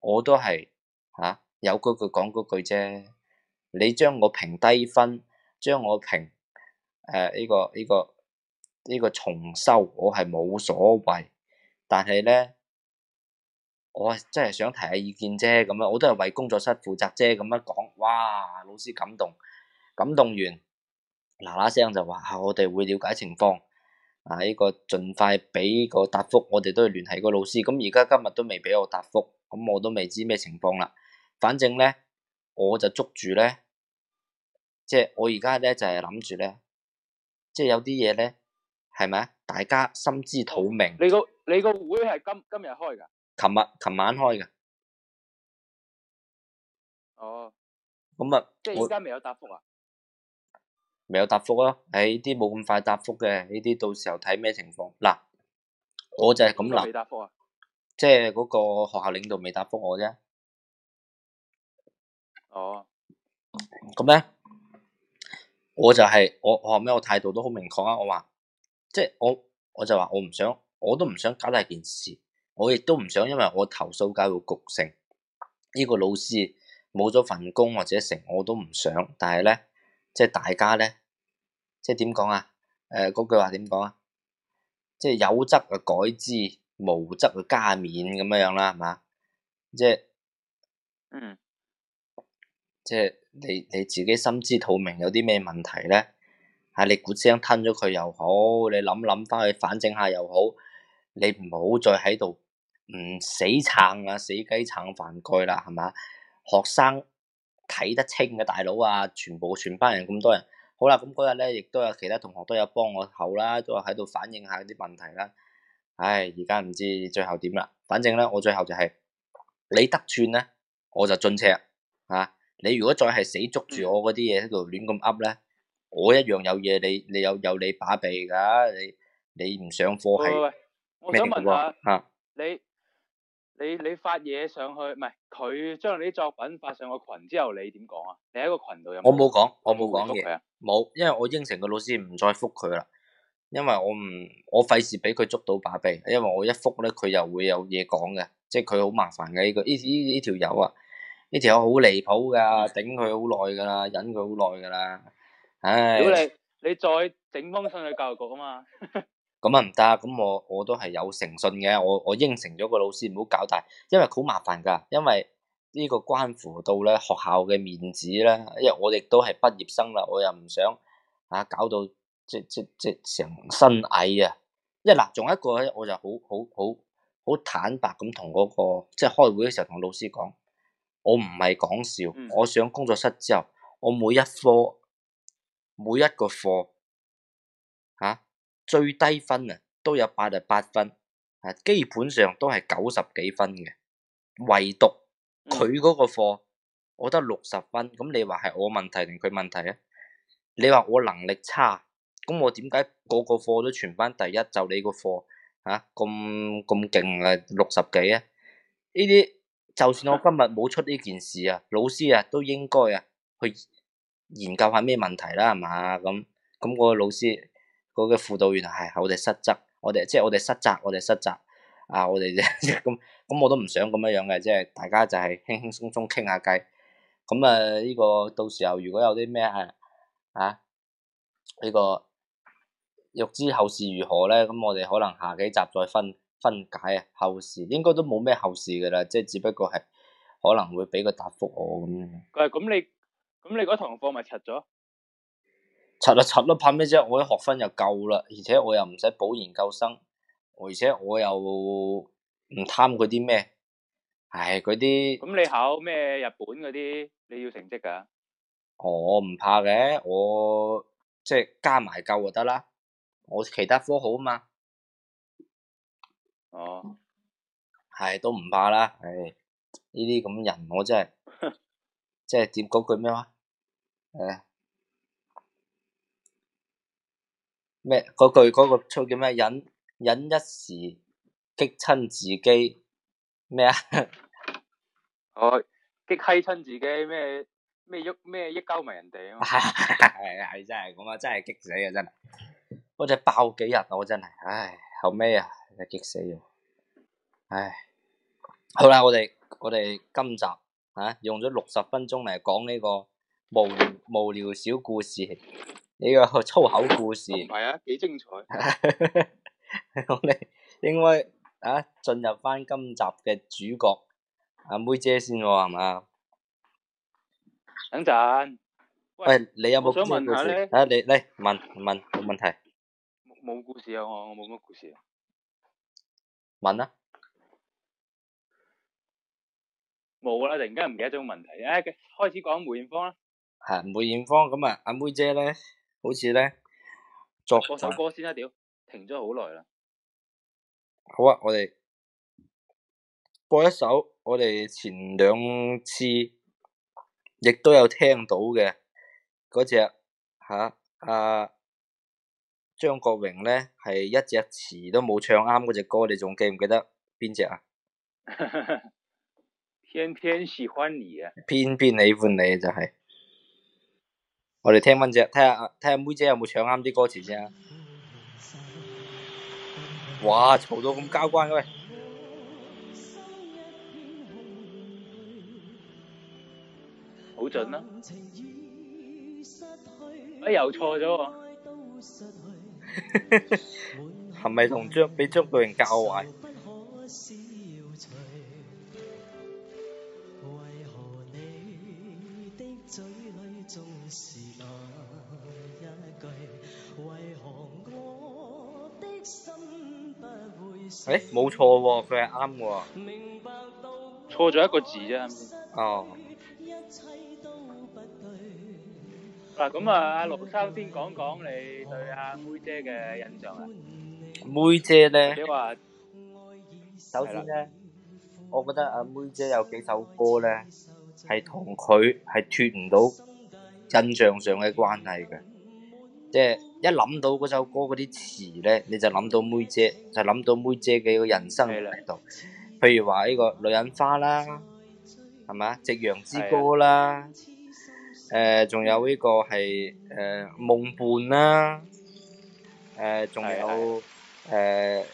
[SPEAKER 1] 我都係吓、啊、有句講句啫。你將我評低分，將我評誒呢、呃這個呢、這個呢、這個重修，我係冇所謂。但係咧，我真係想提下意見啫。咁樣我都係為工作室負責啫。咁樣講，哇，老師感動。感動完，嗱嗱聲就話，我哋會了解情況，啊呢個盡快俾個答覆我哋都要聯繫個老師。咁而家今日都未俾我答覆咁我都未知咩情況啦。反正咧，我就捉住咧，即係我而家咧就係諗住咧，即係有啲嘢咧，係咪啊？大家心知肚明。哦、
[SPEAKER 2] 你個你個會係今今日
[SPEAKER 1] 開噶？琴日琴晚開噶。哦。咁啊樣，即係而家未有答覆啊？未有答覆啊！喺啲冇咁快答覆嘅呢啲，到時候睇咩情況。嗱，我就係咁啦，答覆啊、即係嗰個學校領導未答覆我啫。哦，咁咧，我就係、我、我後尾我態度都好明確啊！我話即係我我就話我唔想，我都唔想搞大件事。我亦都唔想，因為我投訴搞到局成，呢、呢個老師冇咗份工或者成，我都唔想。但係咧，即係大家咧。即係點講啊？誒、呃，嗰句話點講啊？即係有則啊改之，無則啊加勉，咁樣樣啦，係嘛？即係，嗯、即係你你自己心知肚明有啲咩問題咧？吓、啊，你鼓聲吞咗佢又好，你諗諗翻去反正下又好，你唔好再喺度唔死撐啊，死雞撐飯蓋啦，係嘛？學生睇得清嘅，啊、大佬啊，全部全班人咁多人。.好啦，咁嗰日咧，亦都有其他同學都有幫我口啦，都喺度反映下啲問題啦。唉，而家唔知最後點啦。反正咧，我最後就係、是、你得寸咧，我就進尺嚇、啊。你如果再係死捉住我嗰啲嘢喺度亂咁噏咧，我一樣有嘢。你你有有你把臂㗎，你你唔上課係咩情況啊？你
[SPEAKER 2] 你你發嘢上去，唔係佢將你啲作品發上個群之後你，你點講啊？你喺個群度有冇？我冇講，我冇講嘢，
[SPEAKER 1] 冇，因為我應承個老師唔再覆佢啦，因為我唔我費事俾佢捉到把柄，因為我一覆咧佢又會有嘢講嘅，即係佢好麻煩嘅呢個呢呢條友啊，呢條友好離譜噶，頂佢好耐噶啦，忍佢好耐噶啦，唉，如果你
[SPEAKER 2] 你再整封信去教育局啊嘛。
[SPEAKER 1] 咁啊唔得，咁我我都係有誠信嘅，我我應承咗個老師唔好搞大，因為好麻煩㗎，因為呢個關乎到咧學校嘅面子啦，因為我亦都係畢業生啦，我又唔想啊搞到即即即成身蟻啊，因為嗱仲有一個咧，我就好好好好坦白咁同嗰個即係開會嘅時候同老師講，我唔係講笑，嗯、我上工作室之後，我每一科每一個課。最低分啊，都有八十八分啊，基本上都係九十幾分嘅。唯獨佢嗰個課，我得六十分。咁你話係我問題定佢問題啊？你話我能力差，咁我點解個個課都全班第一？就你個課吓咁咁勁啊，六十幾啊？呢啲就算我今日冇出呢件事啊，老師啊都應該啊去研究下咩問題啦，係嘛咁咁個老師。嗰個輔導員係我哋失責，我哋即係我哋失責，我哋失責啊！我哋咁咁， 我都唔想咁樣樣嘅，即係大家就係輕輕鬆鬆傾下偈。咁啊，呢個到時候如果有啲咩啊，啊，呢個欲知後事如何咧，咁我哋可能下幾集再分分解後事，應該都冇咩後事噶啦，即係只不過係可能會俾個答覆我咁樣。喂，
[SPEAKER 2] 係咁你，咁你嗰堂課咪柒
[SPEAKER 1] 咗？插啦插啦，怕咩啫？我啲學分又夠啦，而且我又唔使補研究生，而且我又唔貪佢啲咩，唉，嗰啲。咁
[SPEAKER 2] 你考咩日本嗰啲？你要成績噶？
[SPEAKER 1] 哦，我唔怕嘅，我即係加埋夠就得啦。我其他科好啊嘛。哦。係都唔怕啦，唉，呢啲咁人我真係，即係點嗰句咩話？誒。咩？嗰句嗰個出叫咩？忍忍一時，激親自己咩啊、 哎？
[SPEAKER 2] 我激嗨親自己咩咩喐咩一鳩埋人哋
[SPEAKER 1] 啊係係真係咁啊！真係激死啊！真係我真係爆幾日我真係唉後尾啊，真係激死咗唉！好啦，我哋我哋今集啊用咗六十分鐘嚟講呢個無無聊小故事。呢個粗口故事，唔係啊，幾精彩。 我哋應該啊進入翻今集嘅主角阿妹姐先喎、哦，係嘛？等陣，喂，喂，你有冇故事？啊，你嚟問問，冇問，問，問題。
[SPEAKER 2] 冇故事啊，我我冇乜故事、啊。
[SPEAKER 1] 問啦、
[SPEAKER 2] 啊，冇啦，突然間唔記得咗個問題。誒、啊，開始講梅艷芳
[SPEAKER 1] 啦。係梅艷芳，咁啊阿妹姐咧。.好似咧，作播首歌
[SPEAKER 2] 先啦，屌，停咗好耐啦。
[SPEAKER 1] 好啊，我哋播一首我哋前兩次亦都有聽到嘅嗰隻吓，阿、啊啊、張國榮咧係一隻詞都冇唱啱嗰隻歌，你仲記唔記得邊隻 啊？偏偏喜歡你啊、就係！偏偏喜歡你就係。我哋聽翻隻，聽下聽下，妹仔有冇唱啱啲歌詞先啊！哇，嘈到咁交關，喂，好準啊！
[SPEAKER 2] 哎，又錯咗，
[SPEAKER 1] 係咪同張俾張道人教壞？誒，冇錯喎，佢係啱嘅，
[SPEAKER 2] 錯咗一個字啫。哦。嗱，咁啊，阿勞生先講講你對阿、啊、妹姐嘅印象啊。
[SPEAKER 1] 妹姐咧，你話，首先咧，的我覺得阿、啊、妹姐有幾首歌咧，係同佢係脱唔到印象上嘅關係嘅，即係。一諗到嗰首歌嗰啲詞咧，你就諗到妹姐，就諗到妹姐嘅個人生喺度。譬如話呢個女人花啦，係嘛？夕陽之歌啦，誒，仲有呢個係誒夢伴啦，誒，仲有誒，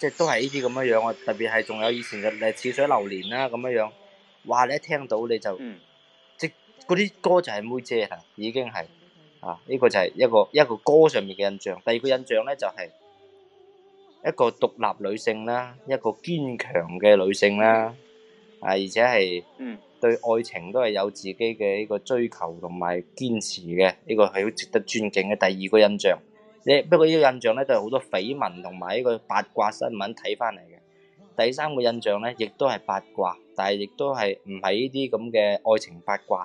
[SPEAKER 1] 即係都係呢啲咁樣樣。特別係仲有以前嘅誒似水流年啦咁樣樣。哇！你一聽到你就，即係嗰啲歌就係妹姐啦，已經係。啊！呢、這個就係一個一個歌上面嘅印象。第二個印象咧，就係、是、一個獨立女性啦，一個堅強嘅女性啦。啊，而且係對愛情都係有自己嘅呢個追求同埋堅持嘅。呢、這個係好值得尊敬嘅第二個印象。你不過呢個印象咧，都係好多緋聞同埋呢個八卦新聞睇翻嚟嘅。第三個印象咧，亦都係八卦，但係亦都係唔係呢啲咁嘅愛情八卦。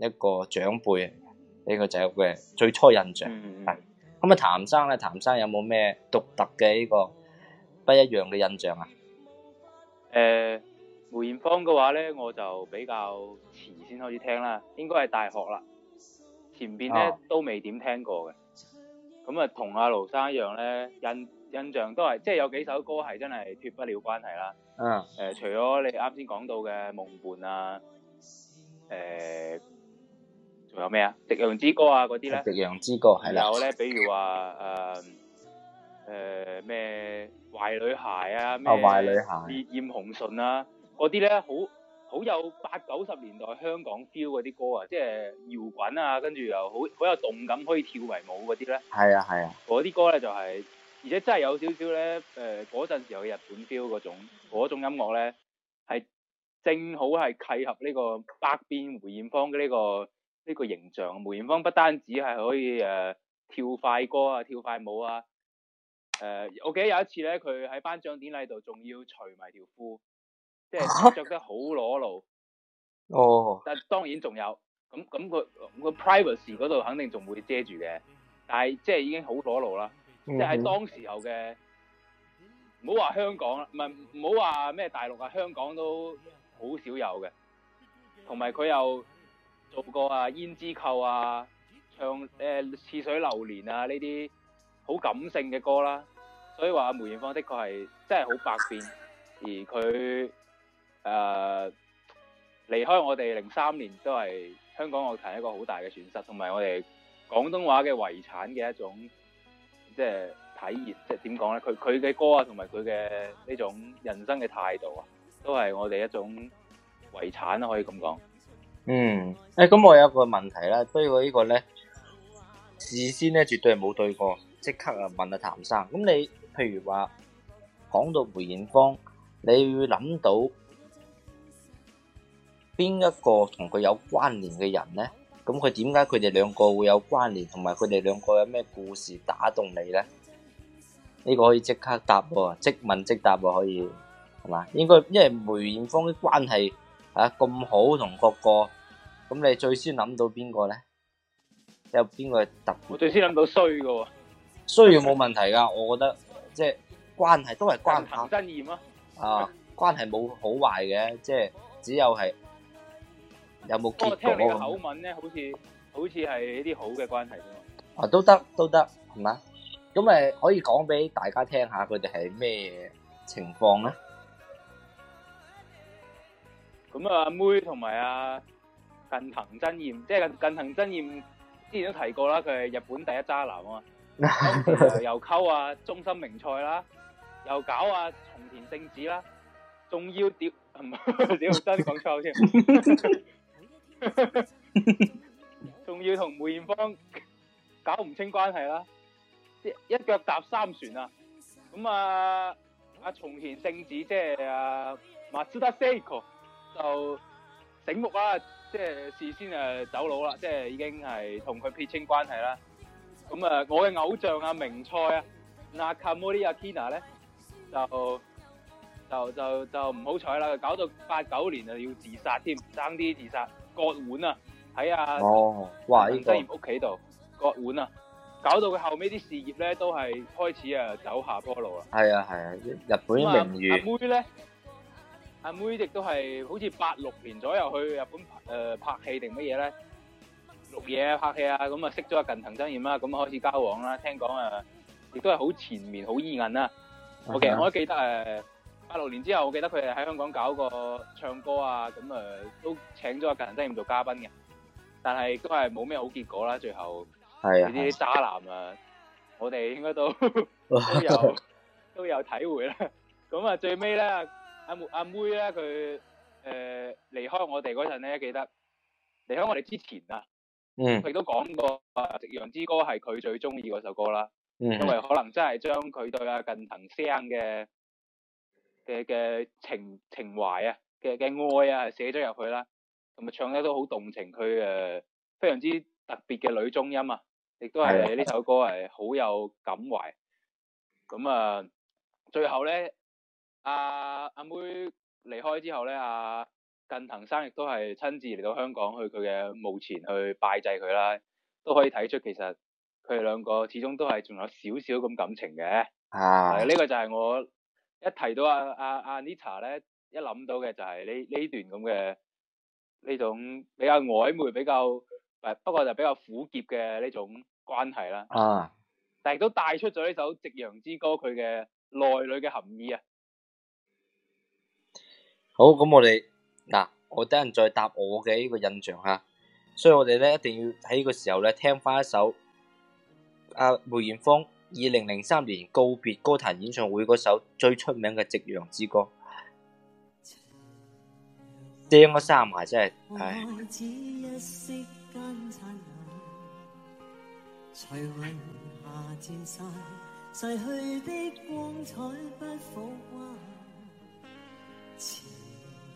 [SPEAKER 1] 一個長輩呢個仔女嘅最初印象係咁啊，譚生咧，譚生有冇咩獨特嘅呢個不一樣嘅印象啊？
[SPEAKER 2] 誒，梅艷芳嘅話咧，我就比較遲先開始聽啦，應該係大學啦，前邊咧都未點聽過嘅。咁啊，同阿勞生一樣咧，印印象都係即係有幾首歌係真係脱不了關係啦。
[SPEAKER 4] 嗯。誒，
[SPEAKER 2] 除咗你啱先講到嘅夢伴啊，誒。仲有咩啊？《夕陽之歌》啊，嗰啲咧，《夕陽
[SPEAKER 1] 之歌》係啦。有
[SPEAKER 2] 咧，比如話誒誒咩《壞、呃呃、女孩》啊、《咩《壞女孩》《烈焰紅唇》啊，嗰啲咧好好有八九十年代香港 feel 嗰啲歌啊，即係搖滾啊，跟住又好好有動感，可以跳維舞嗰啲咧。
[SPEAKER 1] 係啊係啊，
[SPEAKER 2] 嗰啲，啊、歌咧就係、是，而且真係有少少咧，誒嗰陣時候嘅日本 feel 嗰種，嗰種音樂咧係正好係契合呢個百變梅艷芳嘅呢個。呢個形象，梅艷芳不單止係可以誒、呃、跳快歌啊、跳快舞啊，誒、呃，我記得有一次咧，佢喺頒獎典禮度仲要除埋條褲，即係着得好裸露。
[SPEAKER 4] 哦、啊。
[SPEAKER 2] 但當然仲有，咁咁佢佢 privacy 嗰度肯定仲會遮住嘅，但係即係已經好裸露啦，嗯、
[SPEAKER 4] 即係當
[SPEAKER 2] 時候嘅，唔好話香港啦，唔係唔好話咩大陸啊，香港都好少有嘅，同埋佢又。做過啊《胭脂扣》啊，唱誒《似水流年》啊呢啲，好感性嘅歌啦，所以話梅艷芳的確係真係好百變，而佢誒離開我哋零三年都係香港樂壇一個好大嘅損失，同埋我哋廣東話嘅遺產嘅一種即係體現，即係點講咧？佢佢嘅歌啊，同埋佢嘅呢種人生嘅態度啊，都係我哋一種
[SPEAKER 1] 遺產咯、啊，可以咁講。嗯，誒，咁我有個問題啦，不過呢個咧事先咧絕對係冇對過，即刻啊問阿譚生。咁你譬如話講到梅艷芳，你會諗到邊一個同佢有關聯嘅人咧？咁佢點解佢哋兩個會有關聯？同埋佢哋兩個有咩故事打動你咧？呢個可以即刻答喎，即問即答喎，可以係嘛？應該因為梅艷芳嘅關係。啊咁好同個個，咁你最先諗到邊個咧？有邊個特別？我最先諗到衰噶，哦，衰冇問題噶，我覺得即係關係都係關。行真意嗎，啊？啊，關係冇好壞嘅，即係只有係有冇結果。哦，聽你嘅口吻
[SPEAKER 2] 咧，好似好似係一啲好嘅關
[SPEAKER 1] 係啊，都得都得係咪？咁咪可以講俾大家聽下佢哋係咩情況咧？
[SPEAKER 2] 咁啊，阿妹同埋啊近藤真彥，即係近近藤真彥之前都提過啦，佢係日本第一渣男啊嘛，又溝啊中森明菜啦，又搞啊松田聖子啦，仲要屌唔，真講錯添，仲要同梅艷芳搞唔清關係啦，即係一腳踏三船啊！咁啊，阿松田聖子即係啊 Matsuda Seiko。就醒目啦，即係事先誒走佬啦，即係已經係同佢撇清關係啦。咁啊，我嘅偶像啊，明菜啊，Nakamori Akina 咧，就就就就唔好彩啦，搞到八九年啊要自殺添，爭啲自殺割腕啊喺阿哦
[SPEAKER 1] 哇近藤真彥屋
[SPEAKER 2] 企度割腕啊，搞到佢後尾啲事業咧都係開始啊走下坡路
[SPEAKER 1] 啦。係啊係啊，日本名媛阿妹
[SPEAKER 2] 咧。阿妹亦都係好似八六年左右去日本拍、呃、拍戲定乜嘢咧？錄嘢啊，拍戲啊，咁啊識咗阿近藤真彥啦，咁啊開始交往啦。聽講誒、啊，亦都係好前面，好意韌啦。
[SPEAKER 4] 是啊、我記得，我記得
[SPEAKER 2] 誒八六年之後，我記得佢哋喺香港搞個唱歌啊，咁、嗯、誒、呃、都請咗阿近藤真彥做嘉賓嘅。但係都係冇咩好結果啦，最後呢啲是、啊、渣男啊！是啊我哋應該都 都有都有體會啦。咁 啊，最尾咧～阿、啊、妹阿妹咧，佢誒、呃、離開我哋嗰陣咧，記得離開我哋之前啊，
[SPEAKER 4] 佢都
[SPEAKER 2] 講過、啊《夕陽之歌》係佢最中意嗰首歌啦。Mm hmm. 因為可能真係將佢對阿近藤生嘅嘅嘅情情懷啊，嘅嘅愛啊，係寫咗入去啦，同埋唱得都好動情。佢、呃、誒非常之特別嘅女中音啊，亦都係呢的首歌係好有感懷。咁啊，最後咧。阿阿、啊、妹離開之後咧，阿、啊、近藤生亦都係親自嚟到香港去佢嘅墓前去拜祭佢啦，都可以睇出其實佢哋兩個始終都係仲有少少咁感情嘅。
[SPEAKER 4] 啊，呢、啊這個就
[SPEAKER 2] 係我一提到阿、啊、阿阿、啊啊、Nita 咧，一諗到嘅就係呢呢段咁嘅呢種比較曖昧、比較不過就比較苦澀嘅呢種關係啦。
[SPEAKER 1] 啊，
[SPEAKER 2] 但亦都帶出咗呢首《夕陽之歌》佢嘅
[SPEAKER 1] 內裏嘅含義啊。好，咁我哋嗱，我等陣再答我嘅呢個印象哈，所以我哋咧一定要喺呢個時候咧聽翻一首阿梅艷芳二零零三年告別歌壇演唱會嗰首最出名嘅《夕陽之歌》，正我三埋
[SPEAKER 3] 真係。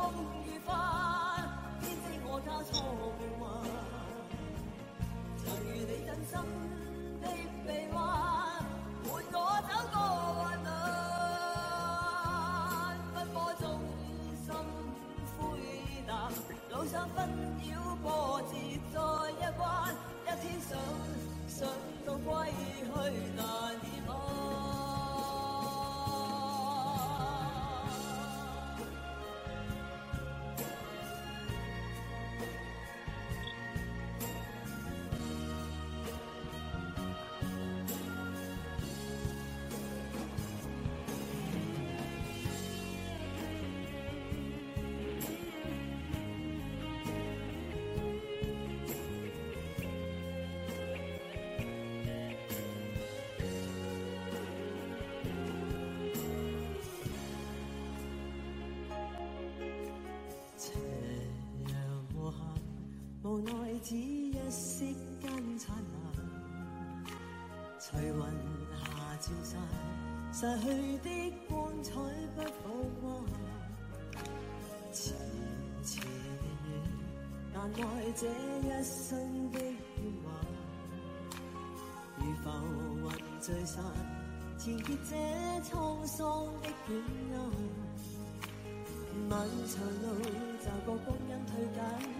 [SPEAKER 3] 風雨翻，編織我交錯夢幻。曾遇你真心的臂彎，伴我走過患難。奔波中心灰意淡，路上紛擾波折再一彎。無奈只一息間燦爛，隨雲霞消散，逝去的光彩不復還。前塵難耐這一生的變幻，如浮雲聚散，纏結這滄桑的戀愛。漫長路就個退，就過光陰退減。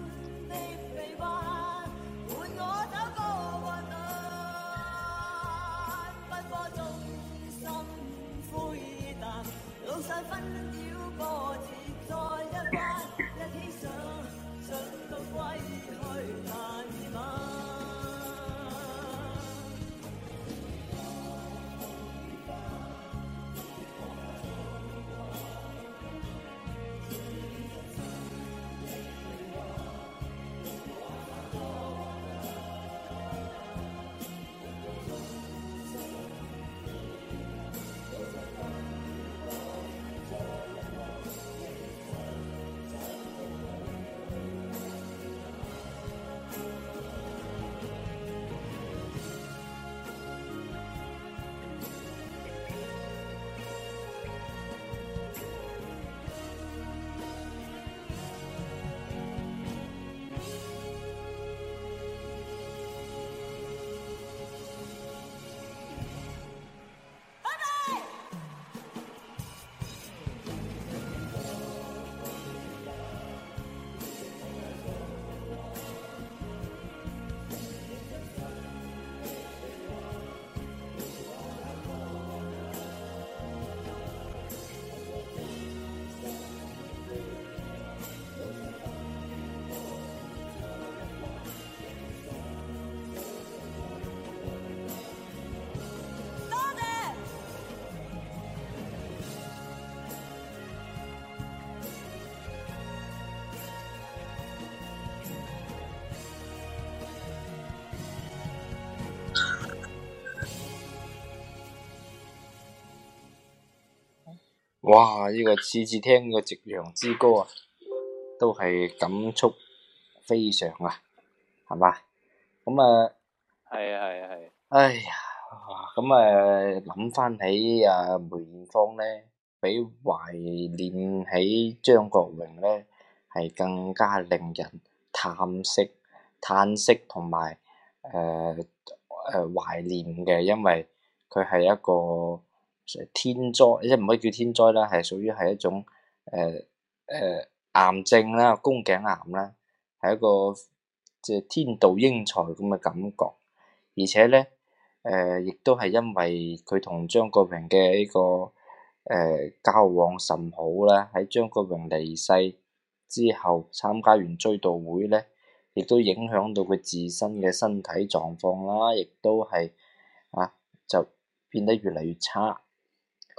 [SPEAKER 1] 哇！呢、這個次次聽嘅《夕陽之歌》啊，都係感觸非常啊，係嘛？咁啊，係啊，係啊，係。哎呀，咁啊，諗翻起啊梅艷芳咧，比懷念起張國榮咧，係更加令人嘆息、嘆息同埋誒誒懷念嘅，因為佢係一個。天災即唔可以叫天災啦，係屬於係一種誒誒、呃呃、癌症啦，宮頸癌啦，係一個即係天道英才咁嘅感覺。而且咧誒，亦、呃、都係因為佢同張國榮嘅呢個誒、呃、交往甚好啦，喺張國榮離世之後參加完追悼會咧，亦都影響到佢自身嘅身體狀況啦，亦都係啊就變得越嚟越差。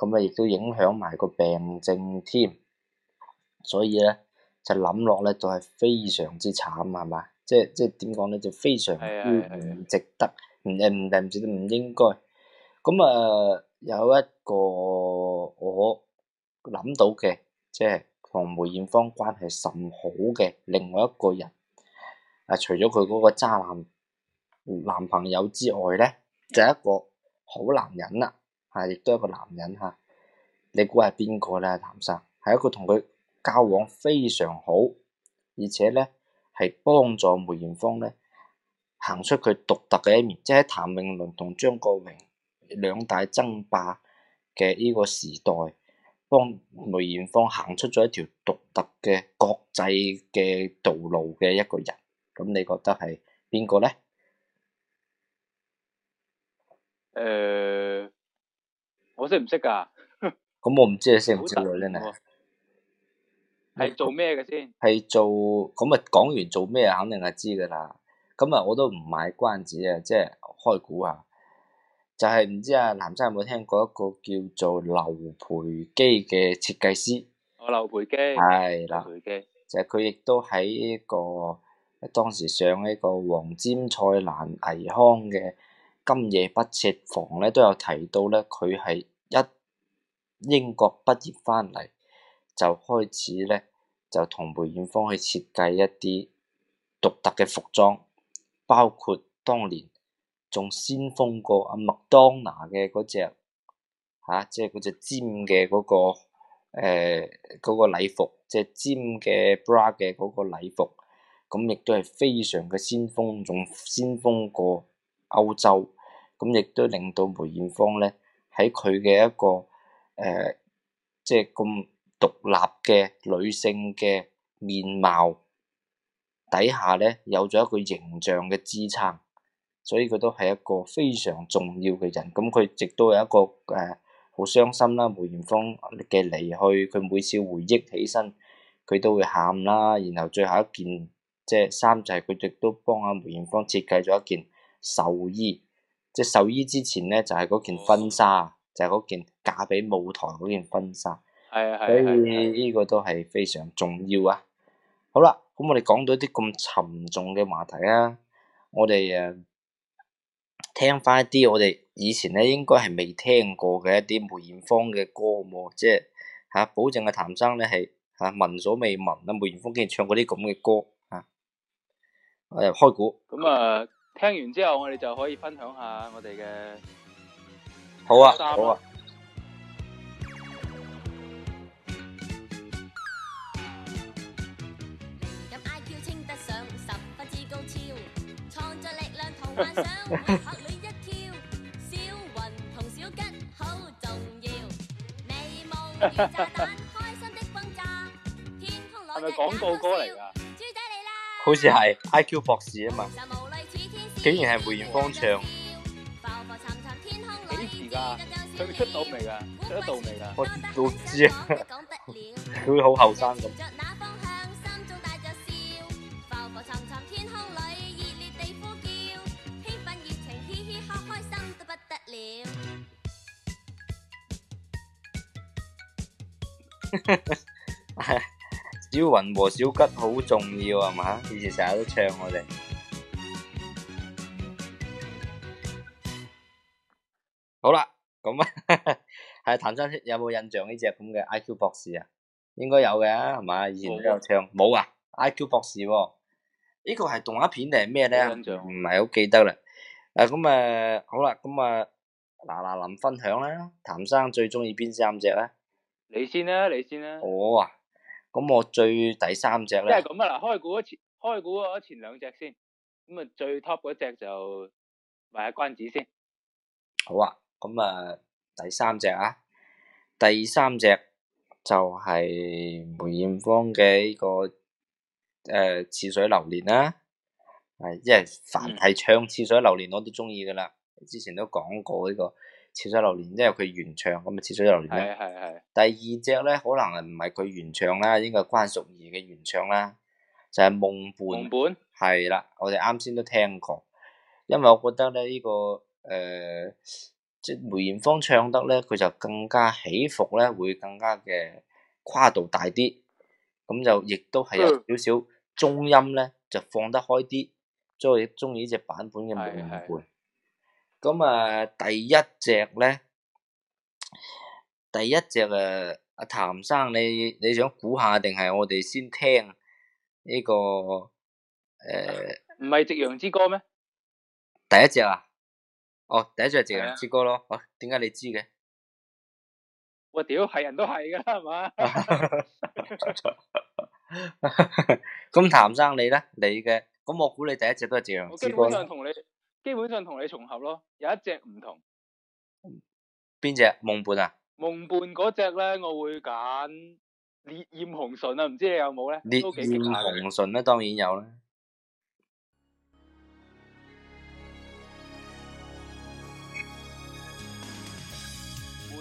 [SPEAKER 1] 咁啊，亦都影響埋個病症添，所以咧就諗落咧就係非常之慘，係嘛？即係即係點講咧？就非常唔值得，唔誒唔唔唔唔應該。咁、嗯、啊，有一個我諗到嘅，即係同梅艷芳關係甚好嘅另外一個人，啊，除咗佢嗰個渣男男朋友之外咧，就係、是、一個好男人啦。係，亦都係一個男人吓，你估係邊個咧，譚生？係一個同佢交往非常好，而且咧係幫助梅艷芳咧行出佢獨特嘅一面，即係譚詠麟同張國榮兩大爭霸嘅呢個時代，幫梅艷芳行出咗一條獨特嘅國際嘅道路嘅一個人。咁你覺得係邊個咧？
[SPEAKER 2] 誒。呃我識
[SPEAKER 1] 唔識噶？咁我唔知你識唔識女咧？係做咩
[SPEAKER 2] 嘅先？
[SPEAKER 1] 係做咁啊！講、嗯哦、完做咩肯定係知噶啦。咁啊，我都唔買關子啊，即係開估下。就係、是、唔知啊，男生有冇聽過一個叫做劉培基嘅設計師？
[SPEAKER 2] 哦，劉培基係啦，劉了培基
[SPEAKER 1] 就係佢亦都喺一個當時上一個黃霑蔡瀾倪匡嘅《今夜不設防》咧，都有提到咧，佢係。英國畢業翻嚟就開始咧，就同梅艷芳去設計一啲獨特嘅服裝，包括當年仲先鋒過阿麥當娜嘅嗰隻吓，即係嗰隻尖嘅嗰、嗰個誒嗰、呃嗰個禮服，即係尖嘅 bra 嘅嗰個禮服，咁亦都係非常嘅先鋒，仲先鋒過歐洲，咁亦都令到梅艷芳咧喺佢嘅一個。誒、呃，即係咁獨立嘅女性嘅面貌底下咧，有咗一個形象嘅支撐，所以佢都係一個非常重要嘅人。咁佢亦都有一個誒，好、呃、傷心啦。梅艷芳嘅離去，佢每次回憶起身，佢都會喊啦。然後最後一件即係衫，就係佢亦都幫阿梅艷芳設計咗一件壽衣。即係壽衣之前咧，就係、是、嗰件婚紗。就係嗰件嫁俾舞台嗰件婚紗，
[SPEAKER 2] 係啊係，所
[SPEAKER 1] 以呢個都係非常重要啊！好啦，咁我哋講到一啲咁沉重嘅話題啊，我哋誒聽翻一啲我哋以前咧應該係未聽過嘅一啲梅艷芳嘅歌，即係吓保證阿、啊、譚生咧係吓聞所未聞啦！梅艷芳竟然唱過啲咁嘅歌吓，我、啊、又開估咁
[SPEAKER 2] 啊！聽完之後，我哋就可以分享下我哋嘅。
[SPEAKER 1] 好啊，好啊。
[SPEAKER 2] 係咪廣告歌嚟㗎？
[SPEAKER 1] 好似係 IQ 博士啊嘛，竟然係梅艷芳唱。佢出到未㗎？出得到未㗎？我都知啊，佢好後生咁。望著那方向，心中帶著
[SPEAKER 5] 笑，浮浮沉沉天空裏，熱烈地呼叫，氣氛熱情，嘻嘻哈哈，開心到不得了。
[SPEAKER 1] 小雲和小吉好重要啊嘛，以前成日都唱我哋。咁啊，係譚生有冇印象呢隻咁嘅 IQ 博士啊？應該有嘅係嘛？以前都有唱，冇啊！IQ 博士喎，呢個係動畫片定係咩咧？印象唔係好記得啦。啊咁啊，好啦，咁啊嗱嗱臨分享啦，譚生最中意邊三隻咧？你先啦，你先啦。哦啊，咁我最第三隻咧？即係
[SPEAKER 2] 咁啊！嗱，開估前開估啊，前兩隻先。咁啊，最 top 嗰隻就賣下關子先。
[SPEAKER 1] 好啊。咁啊、嗯，第三隻啊，第三隻就係梅艷芳嘅呢、這個誒《似、呃、水流年》啦，係，因為凡係唱《似水流年》，我都鍾意㗎喇。之前都講過呢個《似水流年》，因為佢原唱，咁啊，《似水流年》咧。係第二隻咧，可能係唔係佢原唱啦，應該係關淑怡嘅原唱啦，就係、是、夢伴。夢伴。係啦，我哋啱先都聽過，因為我覺得咧、這、呢個誒。呃即梅艷芳唱得咧，佢就更加起伏咧，會更加嘅跨度大啲，咁就亦都係有少少中音咧，就放得開啲，所以中意呢隻版本嘅梅艷芳。咁啊，第一隻咧，第一隻誒、啊，阿譚生，你你想估下定係我哋先聽呢、這個誒？
[SPEAKER 2] 唔、呃、係《夕陽之歌》咩？
[SPEAKER 1] 第一隻啊？哦，第一隻係夕陽之歌咯，點解的、哦、你知嘅？我屌係人都係噶啦，係嘛？咁譚 生你咧，你嘅咁我估你第一隻都係夕陽之歌。我基本上
[SPEAKER 2] 同你基本上同你重合咯，有一隻唔同。
[SPEAKER 1] 邊隻夢伴啊？
[SPEAKER 2] 夢伴嗰隻咧，我會揀烈焰紅唇啊！唔知你有冇咧？烈烈焰紅
[SPEAKER 1] 唇咧，當然有啦。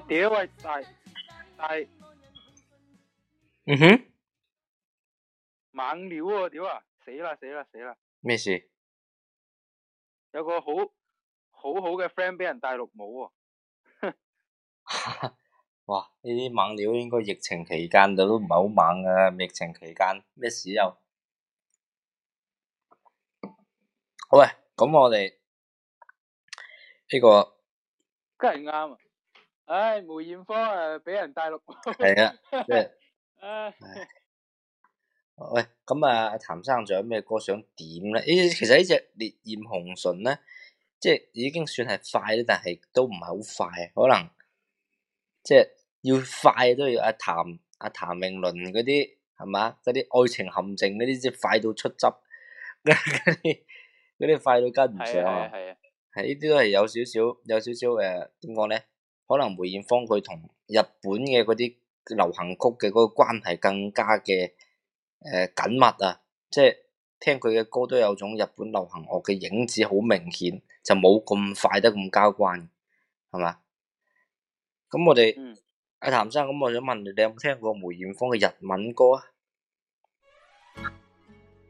[SPEAKER 2] 屌，喂，大
[SPEAKER 4] 大，嗯哼、mm，hmm.
[SPEAKER 2] 猛料哦、啊，屌啊，死啦，死啦，死啦！咩事？有個好好好嘅 friend 俾人戴綠帽喎、啊。
[SPEAKER 1] 哇，呢啲猛料應該疫情期間就都唔係好猛啊！疫情期間咩事又？好喂、啊，咁我哋呢、這個
[SPEAKER 2] 梗係啱。唉，梅艷芳誒，俾
[SPEAKER 4] 人帶綠係啊！即係， 唉、
[SPEAKER 1] 哎嗯，喂，咁啊，阿譚生仲有咩歌想點咧？呢、哎、其實呢隻烈焰紅唇咧，即係已經算係快啦，但係都唔係好快啊。可能即係、就是、要快都要阿譚阿譚詠麟嗰啲係嘛，嗰啲愛情陷阱嗰啲，即係快到出汁，嗰啲嗰啲快到跟唔上啊！係呢啲都係有少少，有少少誒，點講咧？啊少可能梅艷芳佢同日本嘅嗰啲流行曲嘅嗰個關係更加嘅誒緊密啊！即係聽佢嘅歌都有種日本流行樂嘅影子，好明顯，就冇咁快得咁交關，係嘛？咁我哋阿譚生，咁我想問你，你有冇聽過梅艷芳嘅日文歌啊？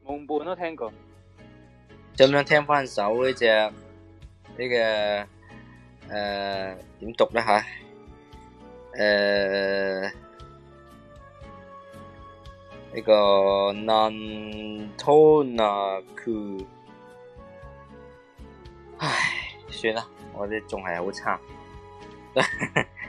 [SPEAKER 2] 夢伴都聽過，
[SPEAKER 1] 想唔想聽翻首呢隻呢個？誒點、呃、讀咧嚇？呢、呃這個 Nantonaku，唉，算啦，我啲仲係好差。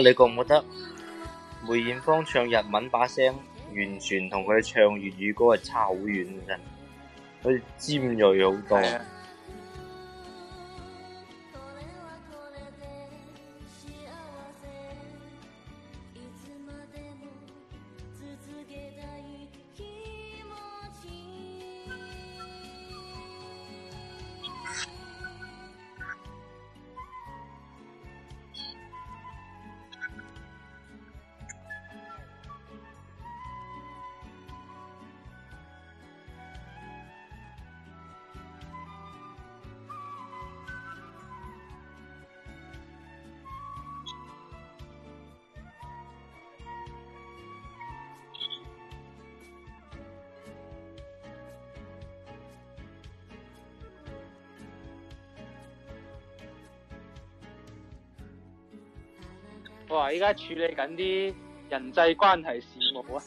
[SPEAKER 1] 你覺唔覺得梅艷芳唱日文把聲完全同佢唱粵語歌係差好遠嘅啫？佢尖銳好多。
[SPEAKER 2] 而家處理緊啲人際關係事務啊！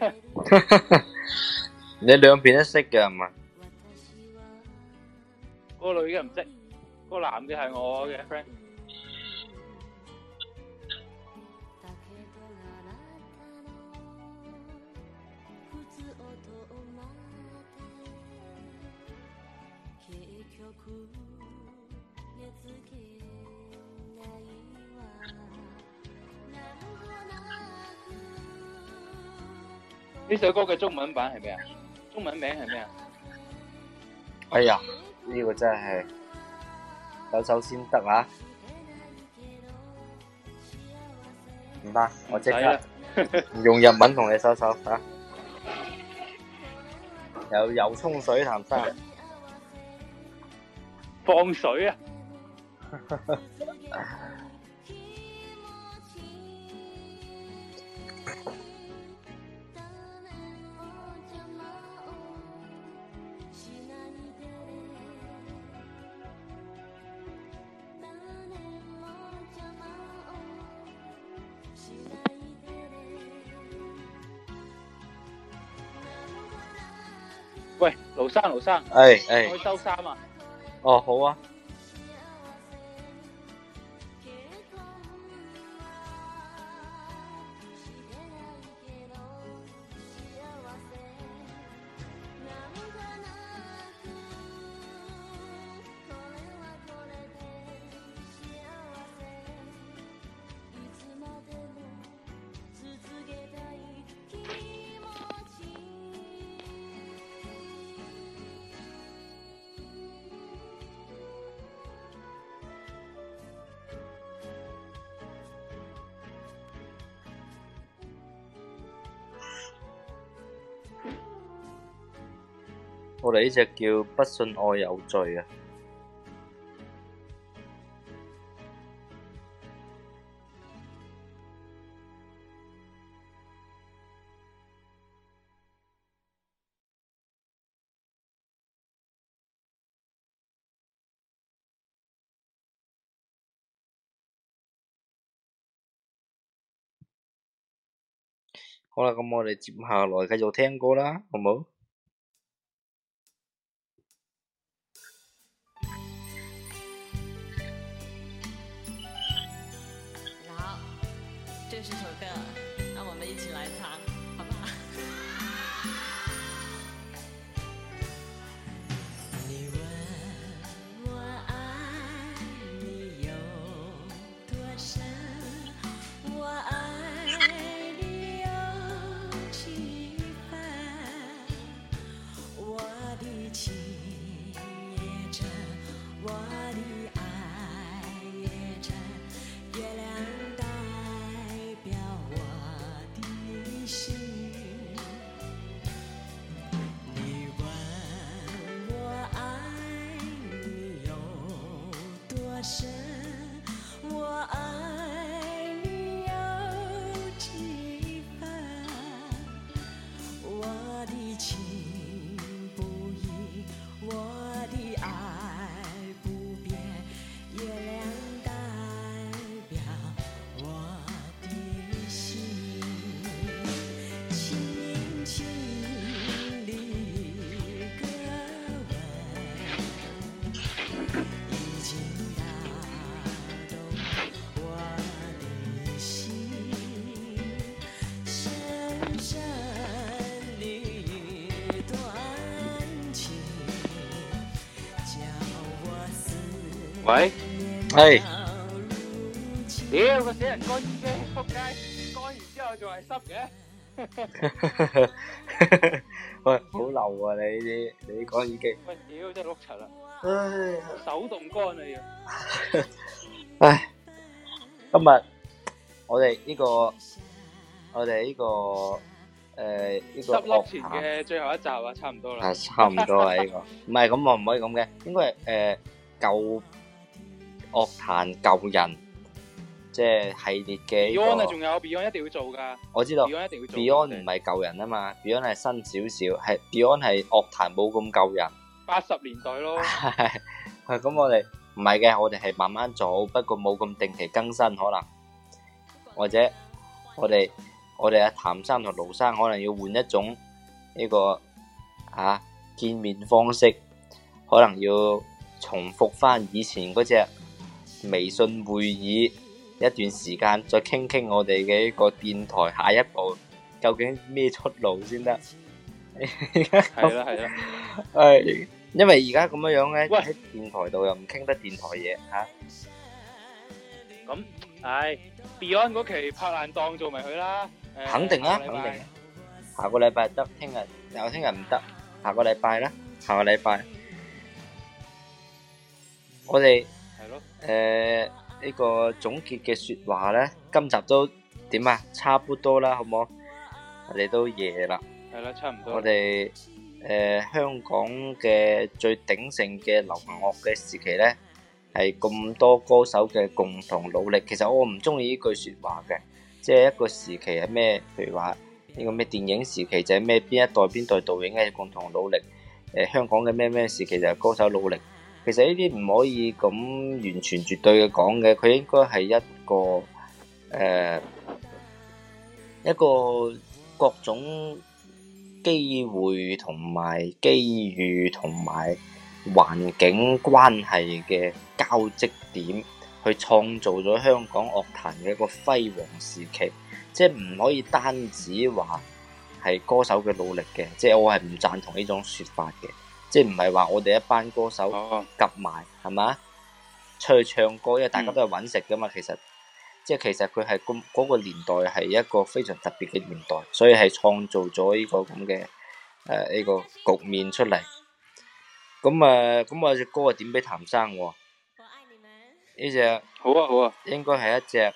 [SPEAKER 1] 你兩邊都識嘅，係咪？
[SPEAKER 2] 個女嘅唔識，個男嘅係我嘅 friend。首歌
[SPEAKER 1] 嘅中文版係咩啊？中文名係咩啊？哎呀，呢個真係搜搜先得啊！唔得，我即刻用日文同你搜搜啊！又又沖水，譚生
[SPEAKER 2] 放水啊！勞生，勞生，哎哎，去、哎、收衫啊！哦，好啊。
[SPEAKER 1] 嚟呢隻叫不信我有罪啊！好啦，咁我哋接下來繼續聽歌啦，好冇？
[SPEAKER 4] 係，屌個死
[SPEAKER 2] 人
[SPEAKER 1] 乾衣機，仆街！乾完之後仲係濕嘅。喂，好流啊你啲你啲乾衣機。喂，屌真係
[SPEAKER 2] 碌柒啦！唉，手動
[SPEAKER 1] 乾啊要。唉，今日我哋呢個我哋呢個誒呢個。十六前嘅最後一集啊，差唔多啦。係差唔多啊呢個，唔係咁我唔可以咁嘅，應該係誒舊。樂壇舊人，即係系列嘅 Beyond 仲有 Beyond 一定要做
[SPEAKER 2] 噶，我知道 Beyond 一定要做。
[SPEAKER 1] Beyond 唔係舊人啊嘛，Beyond 係新少少，係 Beyond 係樂壇冇咁舊人。
[SPEAKER 2] 八十年代
[SPEAKER 1] 咯，係咁我哋唔係嘅，我哋係慢慢做，不過冇咁定期更新可能，或者我哋我哋阿譚生同盧生可能要換一種呢個啊見面方式，可能要重複翻以前嗰隻。微信會議一段時間，再傾傾我哋嘅呢個電台下一步究竟咩出路先得？係啦係啦，係因為而家咁樣樣咧，喺電台度又唔傾得電台嘢吓。
[SPEAKER 2] 咁係 Beyond 嗰期拍爛檔做埋佢啦，肯定啦，肯定。
[SPEAKER 1] 下個禮拜得，聽日又聽日唔得，下個禮拜啦，下個禮拜我哋。誒，呢個總結嘅說話呢，今集都點啊？差不多啦，好唔好？我哋都夜啦，係啦，差唔多。我哋誒，香港嘅最鼎盛嘅流行樂嘅時期呢，係咁多歌手嘅共同努力。其實我唔中意呢句說話嘅，即係一個時期係咩？譬如話呢個咩電影時期就係咩邊一代邊代導演嘅共同努力。誒，香港嘅咩咩時期就係歌手努力。其實呢啲唔可以咁完全絕對嘅講嘅，佢應該係一個誒、呃、一個各種機會同埋機遇同埋環境關係嘅交集點，去創造咗香港樂壇嘅一個輝煌時期。即係唔可以單止話係歌手嘅努力嘅，即係我係唔贊同呢種說法嘅。即係唔係話我哋一班歌手夾埋係嘛？出去唱歌，因為大家都係揾食噶嘛。其實，即係其實佢係咁嗰個年代係一個非常特別嘅年代，所以係創造咗呢個咁嘅誒呢個局面出嚟。咁啊，咁啊隻歌啊點俾譚生？我愛你呢隻好啊好啊，應該係一隻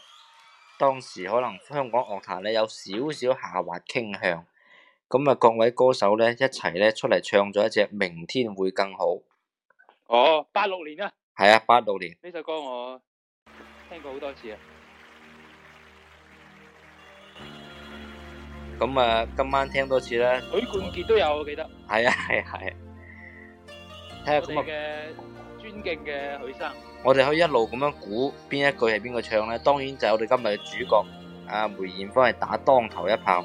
[SPEAKER 1] 當時可能香港樂壇咧有少少下滑傾向。咁啊，各位歌手咧一齊咧出嚟，唱咗一隻《明天會更好》。
[SPEAKER 2] 哦，八六年啊。係啊，
[SPEAKER 1] 八六年。呢首歌我聽
[SPEAKER 2] 過好多次啊。
[SPEAKER 1] 咁啊，今晚聽多次啦。許冠傑都有我記得。係啊，係係。睇下我
[SPEAKER 2] 嘅。尊敬嘅許生。
[SPEAKER 1] 我哋可以一路咁樣估邊一句係邊個唱咧？當然就係我哋今日嘅主角阿梅艷芳係打當頭一炮。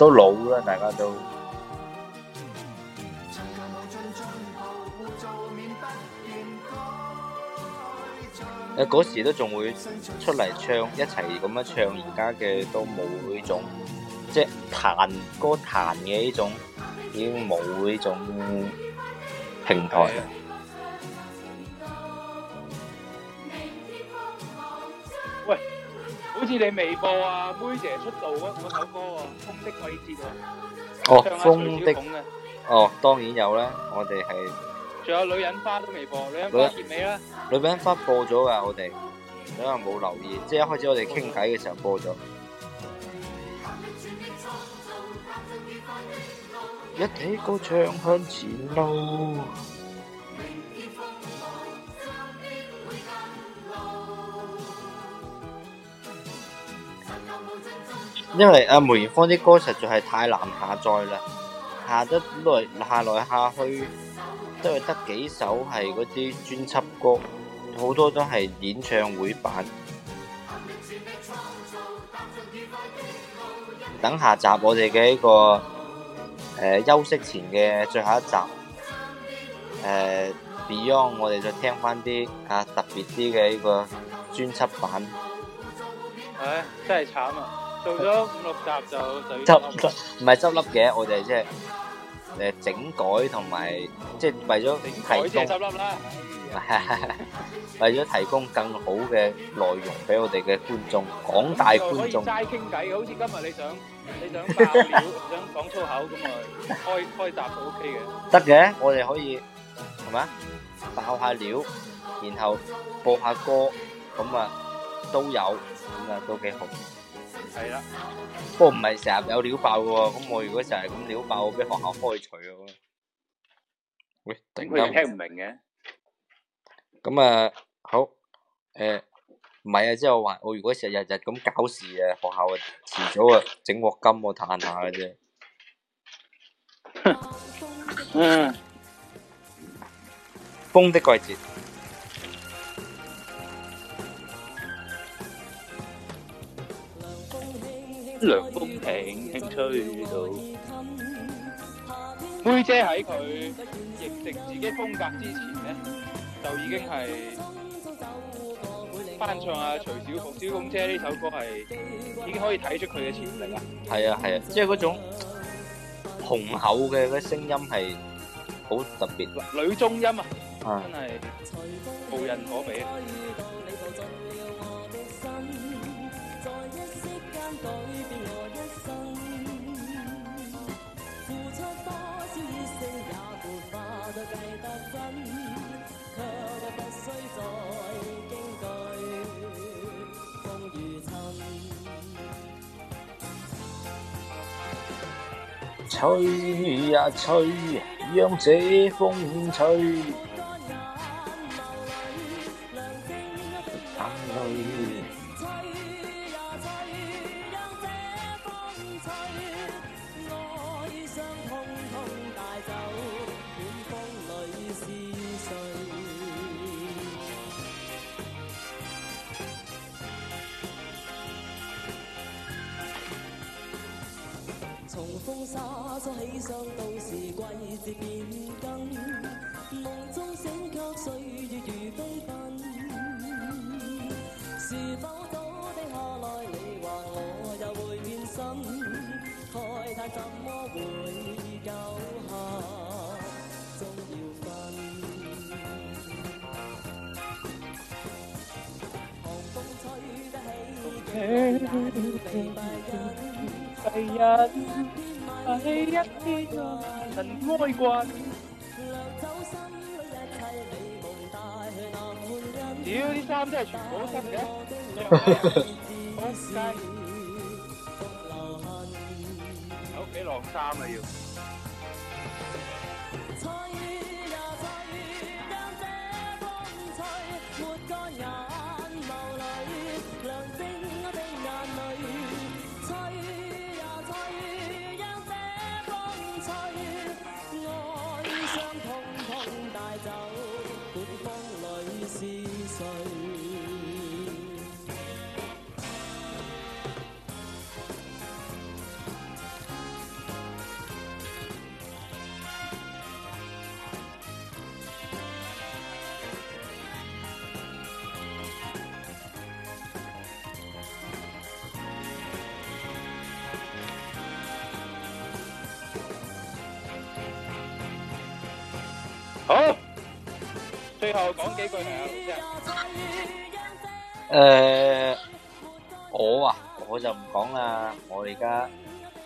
[SPEAKER 1] 都老啦，大家都。
[SPEAKER 3] 誒
[SPEAKER 1] 嗰 時都仲會出嚟唱，一齊咁樣唱，而家嘅都冇呢種，即係彈歌彈嘅呢種，已經冇呢種平台啦。
[SPEAKER 2] 好似你未播
[SPEAKER 1] 啊，妹姐出道嗰嗰首歌喎，《風的季節》喎。哦，風的。哦，當然有
[SPEAKER 2] 啦，我哋係。仲有女人花都
[SPEAKER 1] 未播，女人花結尾啦。女人花播咗嘅，我哋可能冇留意。即係一開始我哋傾偈嘅時候播咗。一起歌唱向前路。因為阿梅艷芳啲歌實在係太難下載啦，下得來下來下去都係得幾首係嗰啲專輯歌，好多都係演唱會版。等下集我哋嘅一個誒休息前嘅最後一集，誒 Beyond 我哋再聽翻啲啊特別啲嘅呢個專輯版。
[SPEAKER 2] 唉，真係慘啊！
[SPEAKER 1] 到咗五六集就就執笠，唔係執笠嘅，我哋即係誒整改同埋，即係為咗提供執笠啦。為咗提供更好嘅內容俾我哋嘅觀眾，廣大觀眾齋
[SPEAKER 2] 傾偈，好似今日你想你想爆料，想講粗口
[SPEAKER 1] 咁啊，開開集就 O K 嘅。得嘅，我哋可以係嘛？爆下料，然後播下歌，咁啊都有，咁啊都幾好。係啦，不過唔係成日有料爆噶喎，咁我如果成日咁料爆，我俾學校開除咯！喂，突然間聽唔明嘅，咁啊，好，誒，唔係啊，即係我話，我如果成日日日咁搞事啊，學校啊，遲早啊，整鑊金我嘆下嘅啫。哼，嗯，風的季節。
[SPEAKER 2] 涼風輕輕吹到，梅姐喺佢形成自己風格之前咧，就已經係翻唱啊，徐小鳳《小鳳姐》呢首歌係已經可以睇出佢嘅潛力
[SPEAKER 1] 啦。係啊，係啊，即係嗰種雄厚嘅嗰聲音係好特別，女中音啊，真
[SPEAKER 5] 係無人可比。
[SPEAKER 1] 吹呀吹，讓這風吹。呵呵呵呵。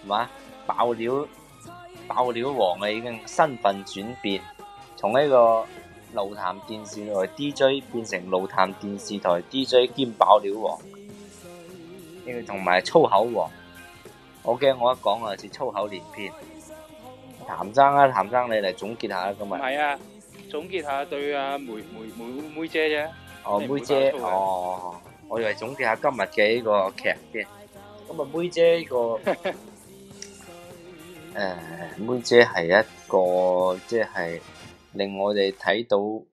[SPEAKER 1] 係嘛？爆料爆料王啊，已經身份轉變，從呢個露譚電視台 DJ 變成露譚電視台 DJ 兼爆料王，呢個同埋粗口王。我、okay，驚我一講啊，似、就是、粗口連篇。譚生啊，譚生你嚟總結下今日。唔係
[SPEAKER 2] 啊，總結下對阿梅梅
[SPEAKER 1] 梅梅姐啫。哦，梅姐哦，我以為總結下今日嘅呢個劇嘅。今日梅
[SPEAKER 3] 姐呢
[SPEAKER 4] 個。
[SPEAKER 1] 誒，梅姐係一個即係令我哋睇到，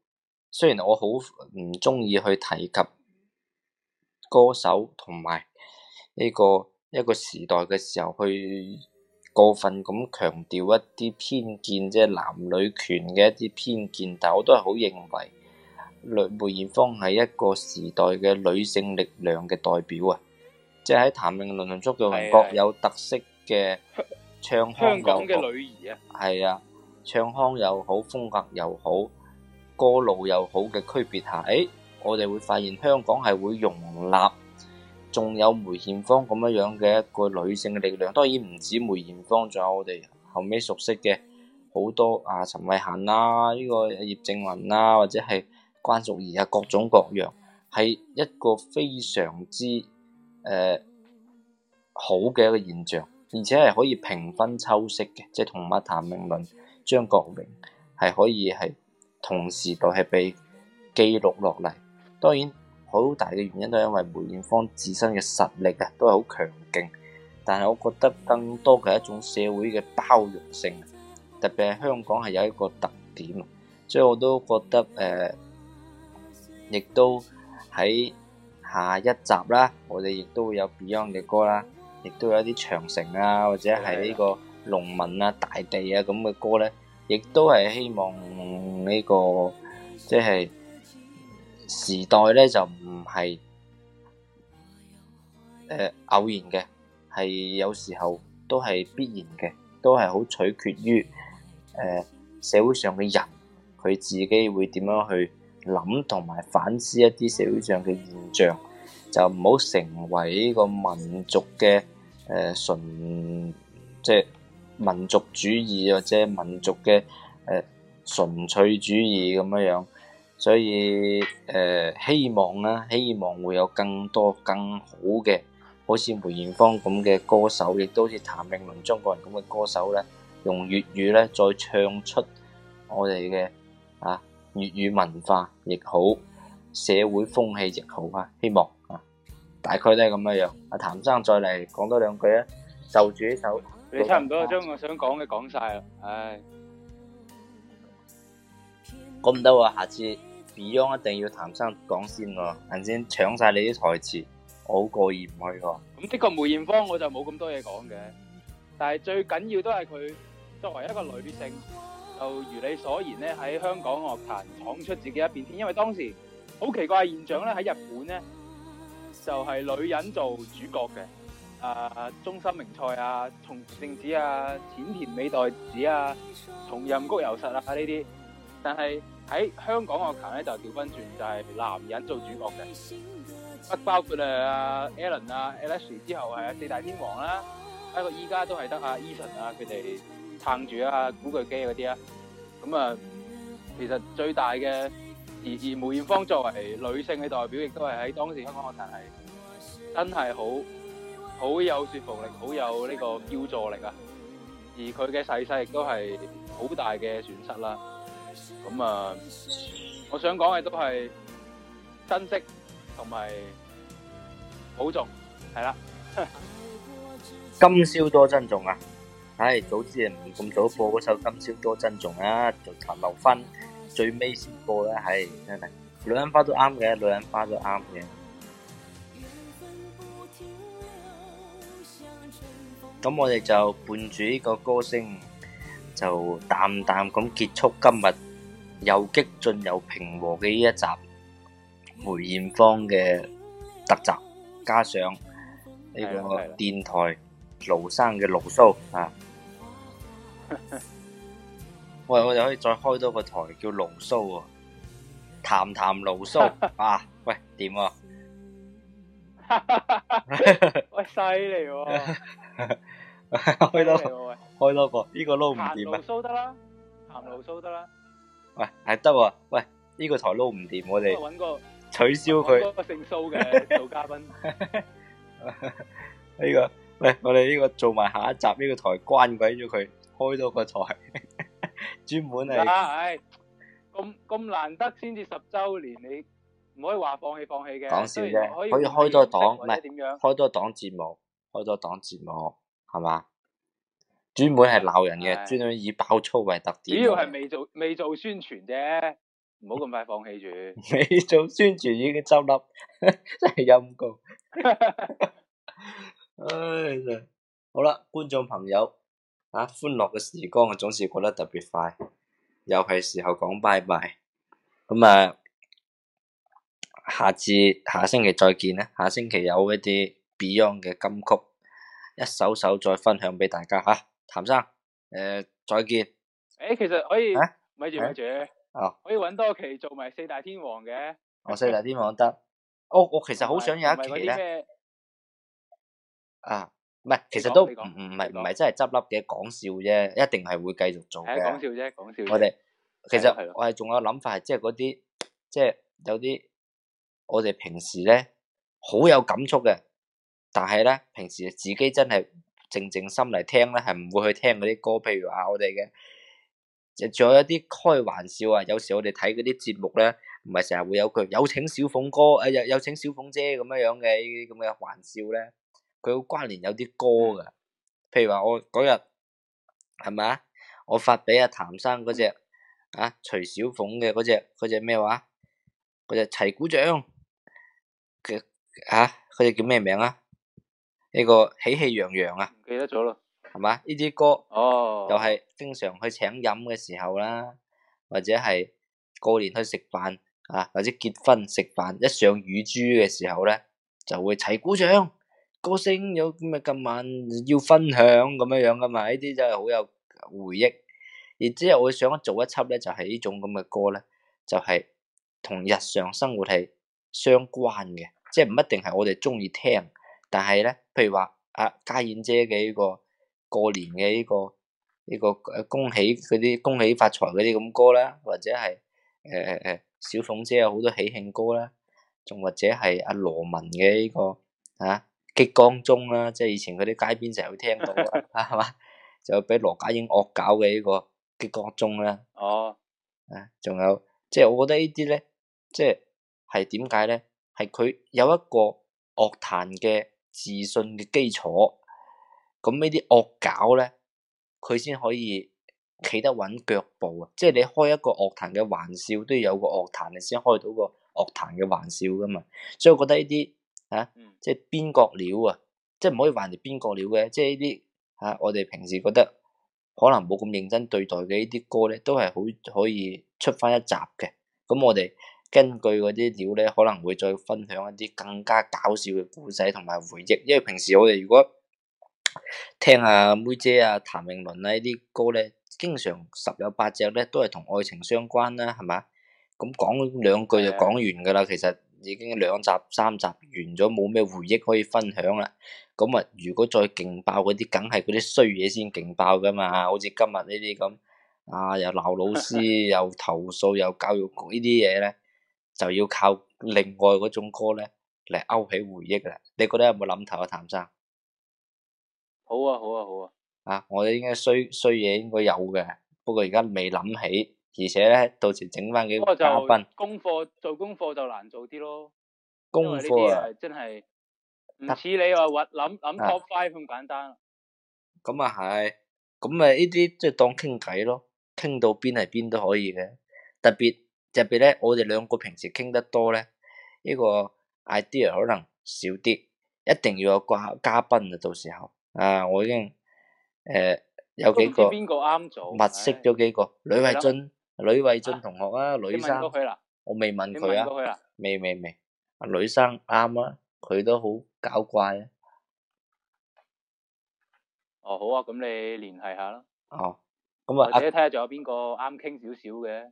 [SPEAKER 1] 雖然我好唔中意去提及歌手同埋呢個一個時代嘅時候去過分咁強調一啲偏見，即係男女權嘅一啲偏見，但係我都係好認為梅梅艷芳係一個時代嘅女性力量嘅代表啊！即係喺譚詠麟、林夕度各有特色嘅的。 唱香港嘅女兒啊，係啊，唱腔又好，風格又好，歌路又好嘅區別下，誒、哎，我哋會發現香港係會容納，仲有梅艷芳咁樣樣嘅一個女性嘅力量。當然唔止梅艷芳，仲有我哋後尾熟悉嘅好多啊，陳慧嫻啦、啊，呢、這個葉蒨文啦，或者係關淑怡啊，各種各樣，係一個非常之誒、呃、好嘅一個現象。而且係可以平分秋色嘅，即係同埋譚詠麟、張國榮係可以係同時代係被記錄落嚟。當然，好大嘅原因都係因為梅艷芳自身嘅實力啊，都係好強勁。但係我覺得更多嘅係一種社會嘅包容性，特別係香港係有一個特點，所以我都覺得誒，亦、呃、都喺下一集啦，我哋亦都會有 Beyond 嘅歌啦。亦都有一啲長城啊，或者係呢個農民啊、大地啊咁嘅歌咧，亦都係希望呢個即係時代咧，就唔係誒偶然嘅，係有時候都係必然嘅，都係好取決於誒、呃、社會上嘅人佢自己會點樣去諗同埋反思一啲社會上嘅現象。就唔好成為呢個民族嘅誒、呃、純，即係民族主義或者民族嘅誒、呃、純粹主義咁樣樣，所以誒、呃、希望啦，希望會有更多更好嘅，好似梅艷芳咁嘅歌手，亦都好似譚詠麟、中國人咁嘅歌手咧，用粵語咧再唱出我哋嘅啊粵語文化亦好，社會風氣亦好啊！希望。大概都係咁嘅樣，阿譚生再嚟講多兩句啊！就住呢首你，你差唔
[SPEAKER 2] 多將我想講嘅講晒啦，唉，
[SPEAKER 1] 咁唔得喎，下次 Beyond 一定要譚生講先喎，先搶晒你啲台詞，我好過意唔去喎、啊。
[SPEAKER 2] 咁的確，梅艷芳我就冇咁多嘢講嘅，但係最緊要都係佢作為一個女性，就如你所言咧，喺香港樂壇闖出自己一片天，因為當時好奇怪嘅現象咧，喺日本咧。就係女人做主角嘅，啊中森明菜啊、松聖子啊、淺田美代子啊、松任谷由實啊呢啲，但係喺香港嘅樂壇咧就調翻轉，就係男人做主角嘅，不包括啊 Alan 啊、Alex 之後係啊四大天王啦、啊，不過依家都係得、e、啊 Eason 啊佢哋撐住啊古巨基嗰啲啊，咁、嗯、啊其實最大嘅。而而梅艷芳作為女性嘅代表，亦都係喺當時香港樂壇係真係好好有說服力、好有呢個叫座力啊！而佢嘅逝世亦都係好大嘅損失啦。咁啊，我想講嘅都係珍惜同埋保重，係啦。
[SPEAKER 1] 今宵多珍重啊！唉，早知唔咁早播嗰首《今宵多珍重》啊，就殘留分。最尾先播咧，係真係女人花都啱嘅，女人花都啱嘅。咁我哋就伴住呢個歌聲，就淡淡咁結束今日又激進又平和嘅呢一集梅艷芳嘅特集，加上呢個電台勞生嘅牢騷啊。喂，我哋可以再開多個台叫牢騷，啊，談談牢騷啊。喂，掂啊？
[SPEAKER 2] 喂，犀利
[SPEAKER 1] 喎！開多開多個呢個撈唔掂啊？牢騷
[SPEAKER 2] 得啦，談牢騷
[SPEAKER 1] 得啦。喂，係得。喂，呢個台撈唔掂，我哋個取消佢。
[SPEAKER 2] 姓蘇嘅
[SPEAKER 1] 做嘉賓呢個，喂，我哋呢個做埋下一集呢個台關鬼咗佢，開多個台。 專門係，
[SPEAKER 2] 咁咁難得先至十周年，你唔可以話放棄放棄嘅，講笑啫，可以開多檔，唔係點樣，開
[SPEAKER 1] 多檔節目，開多檔節目係嘛？專門係鬧人嘅，專的門以爆粗為特點，主要係
[SPEAKER 2] 未做未做宣傳啫，唔好咁快放棄住，
[SPEAKER 1] 未做宣傳已， 已經執笠，真係陰功。唉、 哎，好啦，觀眾朋友。啊！歡樂嘅時光，我總是過得特別快，尤其係時候講拜拜。咁啊，下次下星期再見啦！下星期有一啲 Beyond 嘅金曲，一首首再分享俾大家吓、啊。譚生，誒、呃，再見。誒，
[SPEAKER 2] 其實可以，咪住咪住，啊、可以揾多期做埋四大天
[SPEAKER 1] 王嘅、啊。我四大天王得。我、 哦、我其實好想有一期咧。啊！唔係，其實都唔唔係唔係真係執笠嘅，講笑啫，一定係會繼續做嘅。講笑啫，講
[SPEAKER 2] 笑。我哋
[SPEAKER 1] 其實我係仲有諗法，即係嗰啲即係有啲我哋平時咧好有感觸嘅，但係咧平時自己真係靜靜心嚟聽咧，係唔會去聽嗰啲歌。譬如話我哋嘅，仲有一啲開玩笑啊。有時我哋睇嗰啲節目咧，唔係成日會有句有請小鳳哥，誒有有請小鳳姐咁樣這這樣嘅呢啲咁嘅玩笑咧。佢好關聯有啲歌噶，譬如話我嗰日係咪啊？我發俾阿譚生嗰隻啊，徐小鳳嘅嗰隻，嗰隻咩話？嗰隻齊鼓掌佢吓，嗰隻叫咩名啊？呢個喜氣洋洋啊，唔記得咗咯，係嘛？呢啲歌、哦、又係經常去請飲嘅時候啦，或者係過年去食飯啊，或者結婚食飯一上乳豬嘅時候咧，就會齊鼓掌。歌星有咁嘅，今晚要分享咁樣樣噶嘛？呢啲真係好有回憶。然之後我想做一輯咧，就係呢種咁嘅歌咧，就係同日常生活係相關嘅，即係唔一定係我哋中意聽，但係咧，譬如話阿家燕姐嘅呢個過年嘅呢個呢個恭喜嗰啲恭喜發財嗰啲咁歌啦，或者係誒誒小鳳姐有好多喜慶歌啦，仲或者係阿、啊、羅文嘅呢個啊。激光中啦，即係以前嗰啲街邊成日會聽到，係嘛？就俾羅家英惡搞嘅呢個激光中啦。哦，啊，仲、哦、有，即係我覺得呢啲咧，即係係點解咧？係佢有一個樂壇嘅自信嘅基礎，咁呢啲惡搞咧，佢先可以企得穩腳步啊！即係你開一個樂壇嘅玩笑，都要有個樂壇你先開到個樂壇嘅玩笑噶嘛，所以我覺得呢啲。啊，即係邊角料啊，即係唔可以話係邊角料嘅，即係呢啲啊，我哋平時覺得可能冇咁認真對待嘅呢啲歌咧，都係好可以出翻一集嘅。咁我哋根據嗰啲料咧，可能會再分享一啲更加搞笑嘅故事同埋回憶。因為平時我哋如果聽下妹姐啊、譚詠麟啊呢啲歌咧，經常十有八隻咧都係同愛情相關啦，係嘛？咁講兩句就講完噶啦，的其實。已經兩集三集完咗，冇咩回憶可以分享啦。咁啊，如果再勁爆嗰啲，梗係嗰啲衰嘢先勁爆噶嘛。好似今日呢啲咁，啊又鬧老師， 又投訴，又教育局呢啲嘢咧，就要靠另外嗰種歌咧嚟勾起回憶啦。你覺得有冇諗頭啊，譚生？
[SPEAKER 2] 好啊，好啊，好啊！
[SPEAKER 1] 啊，我哋應該衰衰嘢應該有嘅，不過而家未諗起。而且咧，到時整翻幾個嘉賓，
[SPEAKER 2] 功課做功課就難做啲咯。
[SPEAKER 1] 功課啊，
[SPEAKER 2] 真係唔似你話搵諗諗 top five 咁簡單。
[SPEAKER 1] 咁啊係，咁啊呢啲即係當傾偈咯，傾到邊係邊都可以嘅。特別特別咧，我哋兩個平時傾得多咧，呢個 idea 可能少啲，一定要有掛嘉賓啊。到時候啊，我已經誒有幾個，物色咗幾個呂慧津。呂慧俊同學啊，呂生，我未問佢啊，未未未，阿呂生啱啦，佢都好搞怪啊。
[SPEAKER 2] 哦，好啊，咁你聯繫下
[SPEAKER 1] 囉。哦，咁啊，或者睇下仲
[SPEAKER 2] 有邊個啱傾少
[SPEAKER 1] 少嘅。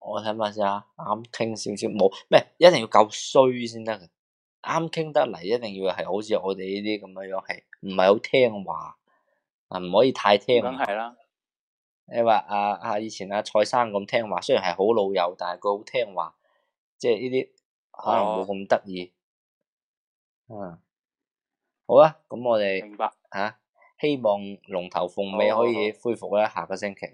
[SPEAKER 1] 我睇下先啊，啱傾少少冇，咩一定要夠衰先得嘅。啱傾得嚟，一定要係好似我哋呢啲咁嘅樣，係唔係好聽話啊？唔可以太聽話。梗係啦。你話阿阿以前阿、啊、蔡生咁聽話，雖然係好老友，但係佢好聽話，即係呢啲可能冇咁得意。嗯，嗯，好啊，咁我哋明白吓，希望龍頭鳳尾可以恢復啦。嗯、下個星期，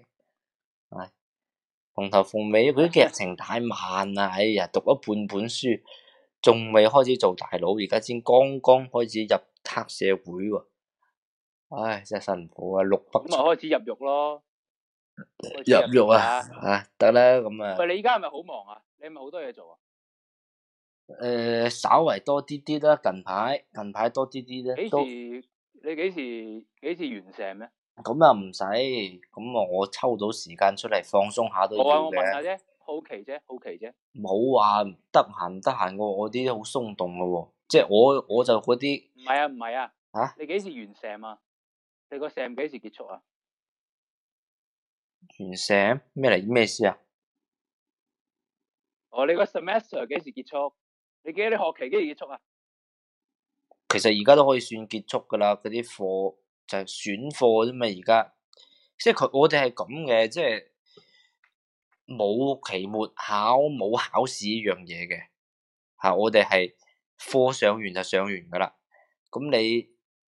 [SPEAKER 1] 龍、嗯、頭鳳尾佢啲劇情太慢啦。哎呀，讀咗半本書，仲未開始做大佬，而家先剛剛開始入黑社會喎。唉，真係神婆啊，六筆咁咪
[SPEAKER 2] 開始入獄咯。
[SPEAKER 1] 入獄啊！吓得啦，咁啊。啊喂，
[SPEAKER 2] 你依家係咪好忙啊？你係咪好多嘢做啊？
[SPEAKER 1] 誒、呃，稍微多啲啲啦，近排近排多啲啲啫。幾時？
[SPEAKER 2] 都你幾時？幾時完成咩？
[SPEAKER 1] 咁啊，唔使咁啊，我抽到時間出嚟放鬆下都好。啊，我問下啫。
[SPEAKER 2] 好奇啫，好奇啫。
[SPEAKER 1] 冇話得閒唔得閒，我我啲好鬆動噶喎，即係我我就嗰啲。
[SPEAKER 2] 唔係啊，唔係啊。吓？你幾時完成啊？你個成幾時結束啊？
[SPEAKER 1] 全醒咩嚟？咩事啊？
[SPEAKER 2] 哦，你個 semester 幾時結束？你記得你學期幾時結束啊？
[SPEAKER 1] 其實而家都可以算結束噶啦，嗰啲課就係選課啫嘛。而家即係佢，我哋係咁嘅，即係冇期末考，冇考試呢樣嘢嘅。吓，我哋係課上完就上完噶啦。咁你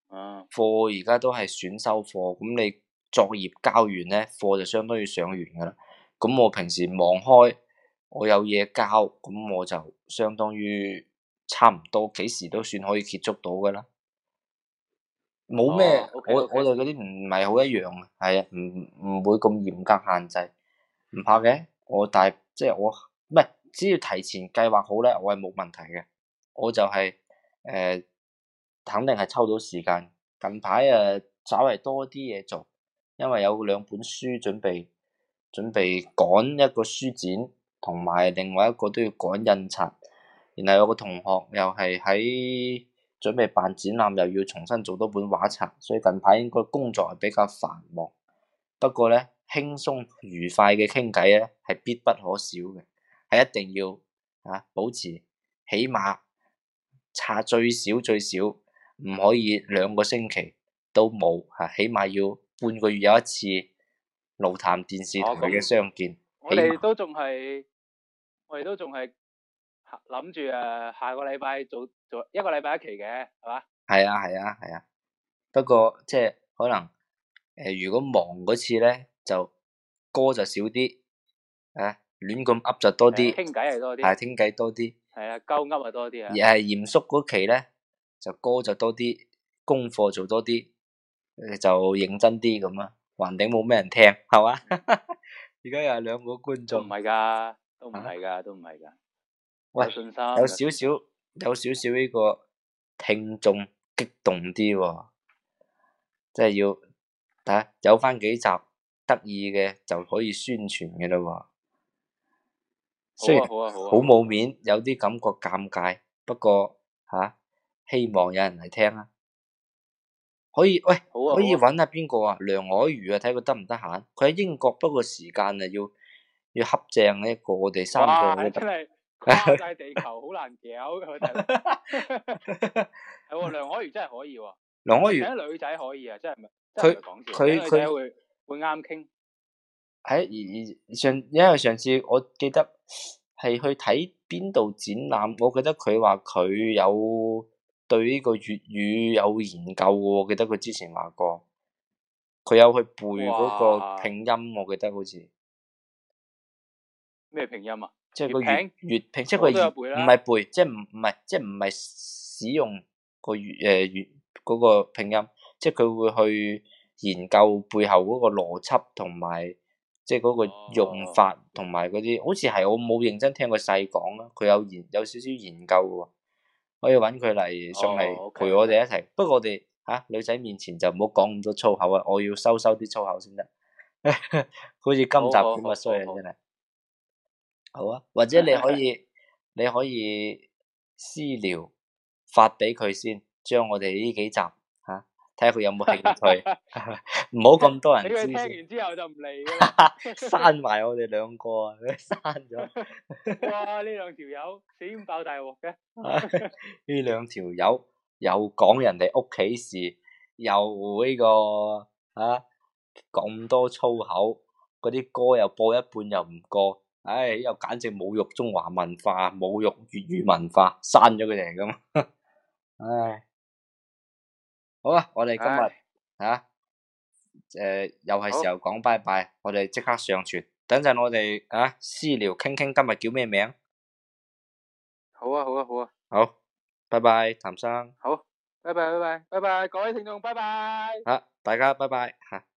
[SPEAKER 1] 啊，課而家都係選修課，咁你。嗯作業交完咧，課就相當於上完噶啦。咁我平時忙開，我有嘢交，咁我就相當於差唔多幾時都算可以結束到噶啦。冇咩、oh, okay, okay. 我我哋嗰啲唔係好一樣嘅，係啊，唔唔會咁嚴格限制，唔怕嘅。我大即係我唔係，只要提前計劃好咧，我係冇問題嘅。我就係、是、誒、呃，肯定係抽到時間。近排呀，稍微多啲嘢做。因為有兩本書準備準備趕一個書展，同埋另外一個都要趕印刷。然後有個同學又係喺準備辦展覽，又要重新做多本畫冊，所以近排應該工作係比較繁忙。不過咧，輕鬆愉快嘅傾偈咧係必不可少嘅，係一定要啊保持，起碼刷最少最少唔可以兩個星期都冇嚇，起碼要。半個月有一次老譚電視同佢嘅相見，啊、碼我哋
[SPEAKER 2] 都仲係，我哋都仲係諗住誒，下個禮拜做做一個禮拜一期嘅，
[SPEAKER 1] 係嘛？係啊，係啊，係啊。不過即係可能誒，如果忙嗰次咧，就歌就少啲啊，亂咁噏就多啲，傾
[SPEAKER 2] 偈係多啲，係傾偈多啲。係啊，鳩噏啊多啲啊。而係
[SPEAKER 1] 嚴肅嗰期咧，就歌就多啲，功課做多啲。就認真啲咁啊，橫頂冇咩人聽，係嘛？
[SPEAKER 2] 而 家又係兩個觀眾，唔係噶，都唔係噶，啊、都唔係噶。喂，有少
[SPEAKER 1] 少，有少少呢個聽眾激動啲喎、哦，即係要睇下、啊，有翻幾集得意嘅就可以宣傳嘅啦。雖然好冇面，有啲感覺尷尬，不過吓、啊、希望有人嚟聽啊。可以喂，啊啊、可以揾下邊個啊？梁海瑜啊，睇佢得唔得閒？佢喺英國，不過時間啊，要要恰正呢一個我哋三個。哇！真係跨
[SPEAKER 4] 地
[SPEAKER 2] 球，好 難搞。佢係喎， 梁海瑜真係可以喎。梁海瑜。女仔可以啊，真係唔係？佢佢佢會啱傾。
[SPEAKER 1] 喺而而上，因為上次我記得係去睇邊度展覽，我記得佢話佢有。對呢個粵語有研究嘅，我記得佢之前話過，佢有去背嗰個拼音，哇我記得好似
[SPEAKER 2] 咩拼音啊？即係個粵粵拼，即係佢粵唔係
[SPEAKER 1] 背，即係唔唔係即係唔係使用、嗰個粵誒粵個拼音，即係佢會去研究背後嗰個邏輯同埋即係嗰個用法同埋嗰啲，哦、好似係我冇認真聽佢細講啦。佢有研有少少研究嘅。我要揾佢嚟上嚟陪我哋一齊，oh, okay. 不過我哋吓、啊、女仔面前就唔好講咁多粗口啊！我要收收啲粗口先得， 好似今集咁嘅衰人真係的。Oh, oh. 好啊，或者你可以， 你可以私聊發畀佢先，將我哋呢幾集。睇下佢有冇興趣，唔好咁多人知。你唔係聽完之後就唔嚟啦，刪 埋 我哋 兩個，刪咗。 哇！呢兩條友死點爆大鑊嘅？呢兩條友又講人哋屋企事，又呢、這個啊咁多粗口，嗰啲歌又播一半又唔過，唉、哎，又簡直侮辱中華文化，侮辱粵語文化，刪咗佢哋咁。唉、哎。好啊，我哋今日啊，誒，又係時候講拜拜，我哋即刻上傳，等陣我哋啊私聊傾傾今日叫咩名？
[SPEAKER 4] 好啊，好
[SPEAKER 1] 啊，好啊，好，拜拜，譚生，
[SPEAKER 4] 好，拜拜，拜拜，拜拜，各位聽眾，拜拜，好，
[SPEAKER 1] 大家拜拜吓。